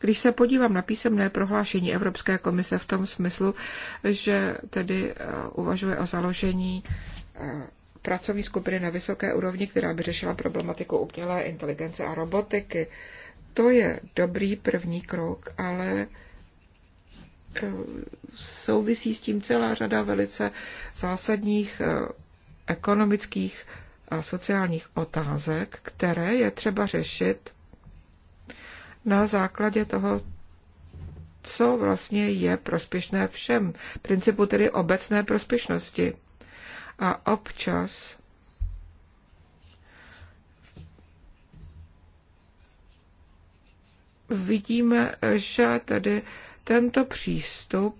Když se podívám na písemné prohlášení Evropské komise v tom smyslu, že tedy eh, uvažuje o založení eh, pracovní skupiny na vysoké úrovni, která by řešila problematiku umělé inteligence a robotiky, to je dobrý první krok, ale Eh, souvisí s tím celá řada velice zásadních eh, ekonomických a sociálních otázek, které je třeba řešit na základě toho, co vlastně je prospěšné všem. Principu tedy obecné prospěšnosti. A občas vidíme, že tedy tento přístup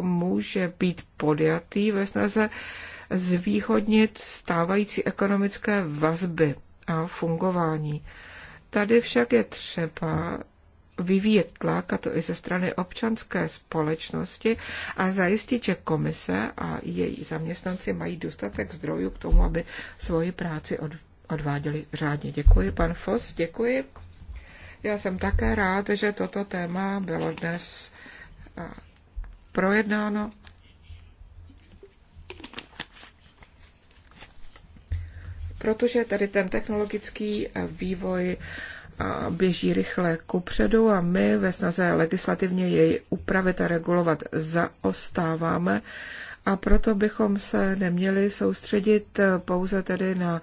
může být podjatý ve snaze zvýhodnit stávající ekonomické vazby a fungování. Tady však je třeba vyvíjet tlak, a to i ze strany občanské společnosti, a zajistit, že komise a její zaměstnanci mají dostatek zdrojů k tomu, aby svoji práci odváděli řádně. Děkuji, pan Fos, děkuji. Já jsem také rád, že toto téma bylo dnes projednáno. Protože tady ten technologický vývoj běží rychle kupředu a my ve snaze legislativně jej upravit a regulovat zaostáváme a proto bychom se neměli soustředit pouze tedy na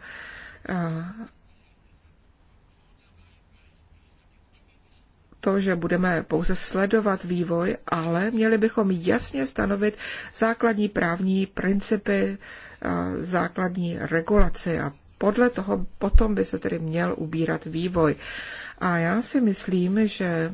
to, že budeme pouze sledovat vývoj, ale měli bychom jasně stanovit základní právní principy, eh, základní regulaci a podle toho potom by se tedy měl ubírat vývoj. A já si myslím, že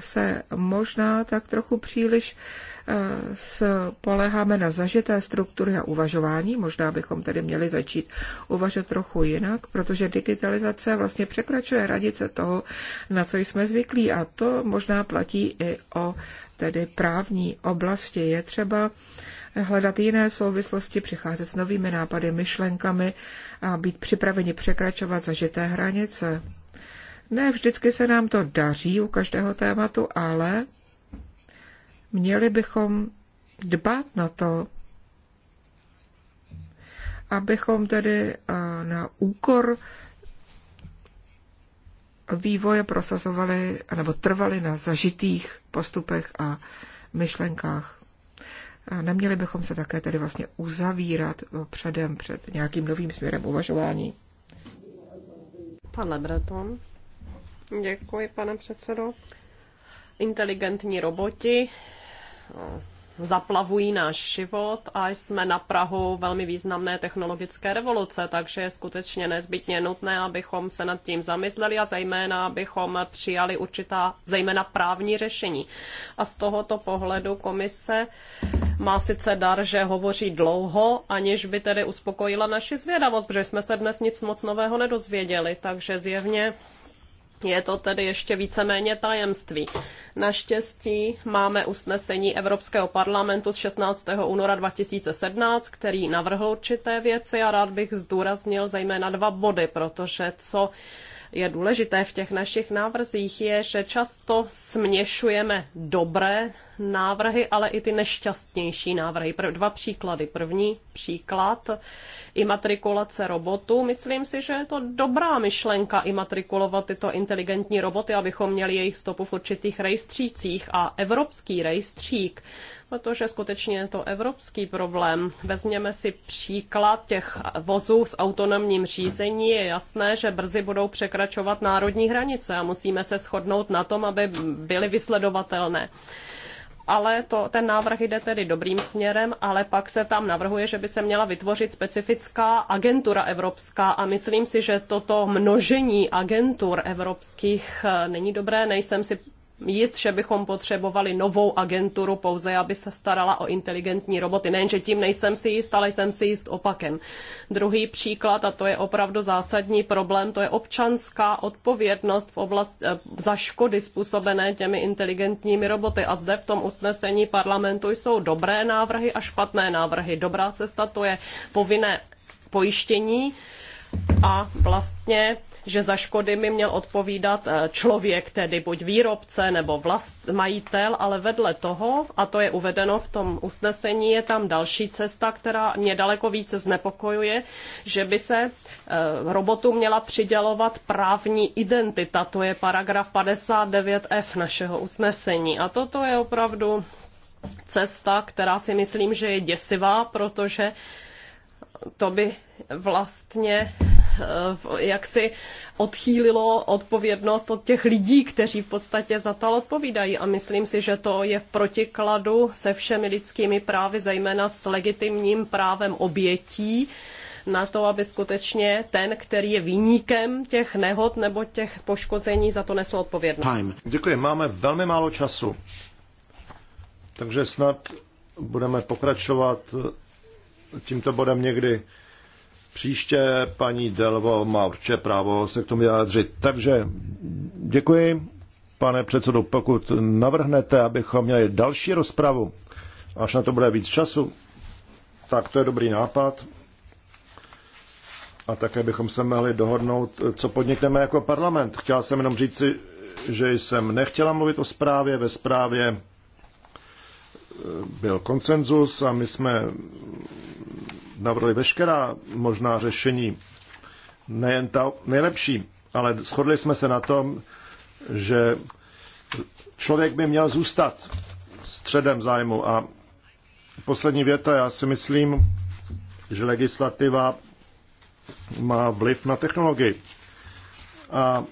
se možná tak trochu příliš uh, Eh, spoleháme na zažité struktury a uvažování. Možná bychom tedy měli začít uvažovat trochu jinak, protože digitalizace vlastně překračuje radice toho, na co jsme zvyklí a to možná platí i o tedy právní oblasti. Je třeba hledat jiné souvislosti, přicházet s novými nápady, myšlenkami a být připraveni překračovat zažité hranice. Ne vždycky se nám to daří u každého tématu, ale Měli bychom dbát na to, abychom tedy na úkor vývoje prosazovali nebo trvali na zažitých postupech a myšlenkách. A neměli bychom se také tedy vlastně uzavírat předem před nějakým novým směrem uvažování. Pane Breton, Děkuji, pane předsedo. Inteligentní roboti No, zaplavují náš život a jsme na Prahu velmi významné technologické revoluce, takže je skutečně nezbytně nutné, abychom se nad tím zamysleli a zejména abychom přijali určitá, zejména právní řešení. A z tohoto pohledu komise má sice dar, že hovoří dlouho, aniž by tedy uspokojila naši zvědavost, protože jsme se dnes nic moc nového nedozvěděli, takže zjevně je to tedy ještě víceméně tajemství. Naštěstí máme usnesení Evropského parlamentu z 16. února 2017, který navrhl určité věci a rád bych zdůraznil zejména dva body, protože co je důležité v těch našich návrzích je, že často směšujeme dobré návrhy, ale i ty nešťastnější návrhy. Dva příklady. První příklad imatrikulace robotů. Myslím si, že je to dobrá myšlenka imatrikulovat tyto inteligentní roboty, abychom měli jejich stopu v určitých rejstřících a evropský rejstřík protože skutečně je to evropský problém. Vezměme si příklad těch vozů s autonomním řízení. Je jasné, že brzy budou překračovat národní hranice a musíme se shodnout na tom, aby byly vysledovatelné ale to, ten návrh jde tedy dobrým směrem, ale pak se tam navrhuje, že by se měla vytvořit specifická agentura evropská a myslím si, že toto množení agentur evropských eh, není dobré, nejsem si jist, že bychom potřebovali novou agenturu pouze, aby se starala o inteligentní roboty. Nejenže tím nejsem si jist, ale jsem si jist opakem. Druhý příklad, a to je opravdu zásadní problém, to je občanská odpovědnost v oblast, eh, za škody způsobené těmi inteligentními roboty. A zde v tom usnesení parlamentu jsou dobré návrhy a špatné návrhy. Dobrá cesta to je povinné pojištění a vlastně že za škody mi měl odpovídat eh, člověk, tedy buď výrobce nebo vlast, majitel, ale vedle toho, a to je uvedeno v tom usnesení, je tam další cesta, která mě daleko více znepokojuje, že by se eh, robotu měla přidělovat právní identita, to je paragraf 59f našeho usnesení. A toto je opravdu cesta, která si myslím, že je děsivá, protože to by vlastně Eh, jak si odchýlilo odpovědnost od těch lidí, kteří v podstatě za to odpovídají. A myslím si, že to je v protikladu se všemi lidskými právy, zejména s legitimním právem obětí na to, aby skutečně ten, který je výnikem těch nehod nebo těch poškození, za to nesl odpovědnost. Time. Děkuji, máme velmi málo času. Takže snad budeme pokračovat tímto bodem někdy Příště paní Delvo má určitě právo se k tomu vyjádřit. Takže děkuji, pane předsedo, pokud navrhnete, abychom měli další rozpravu, až na to bude víc času, tak to je dobrý nápad. A také bychom se mohli dohodnout, co podnikneme jako parlament. Chtěl jsem jenom říci, že jsem nechtěla mluvit o zprávě. Ve zprávě eh, byl konsenzus a my jsme navrhli veškerá možná řešení, nejen ta nejlepší, ale shodli jsme se na tom, že člověk by měl zůstat středem zájmu. A poslední věta, já si myslím, že legislativa má vliv na technologii. A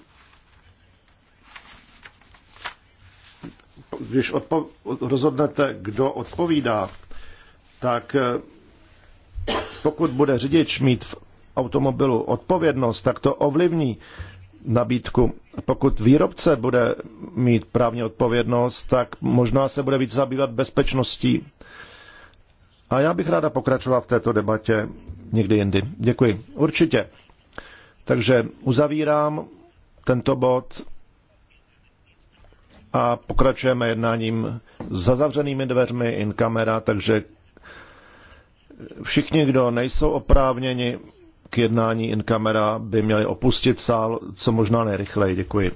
když odpo- rozhodnete, kdo odpovídá, tak eh, pokud bude řidič mít v automobilu odpovědnost, tak to ovlivní nabídku. Pokud výrobce bude mít právní odpovědnost, tak možná se bude víc zabývat bezpečností. A já bych ráda pokračoval v této debatě někdy jindy. Děkuji. Určitě. Takže uzavírám tento bod a pokračujeme jednáním za zavřenými dveřmi in camera, takže všichni, kdo nejsou oprávněni k jednání in camera, by měli opustit sál co možná nejrychleji. Děkuji.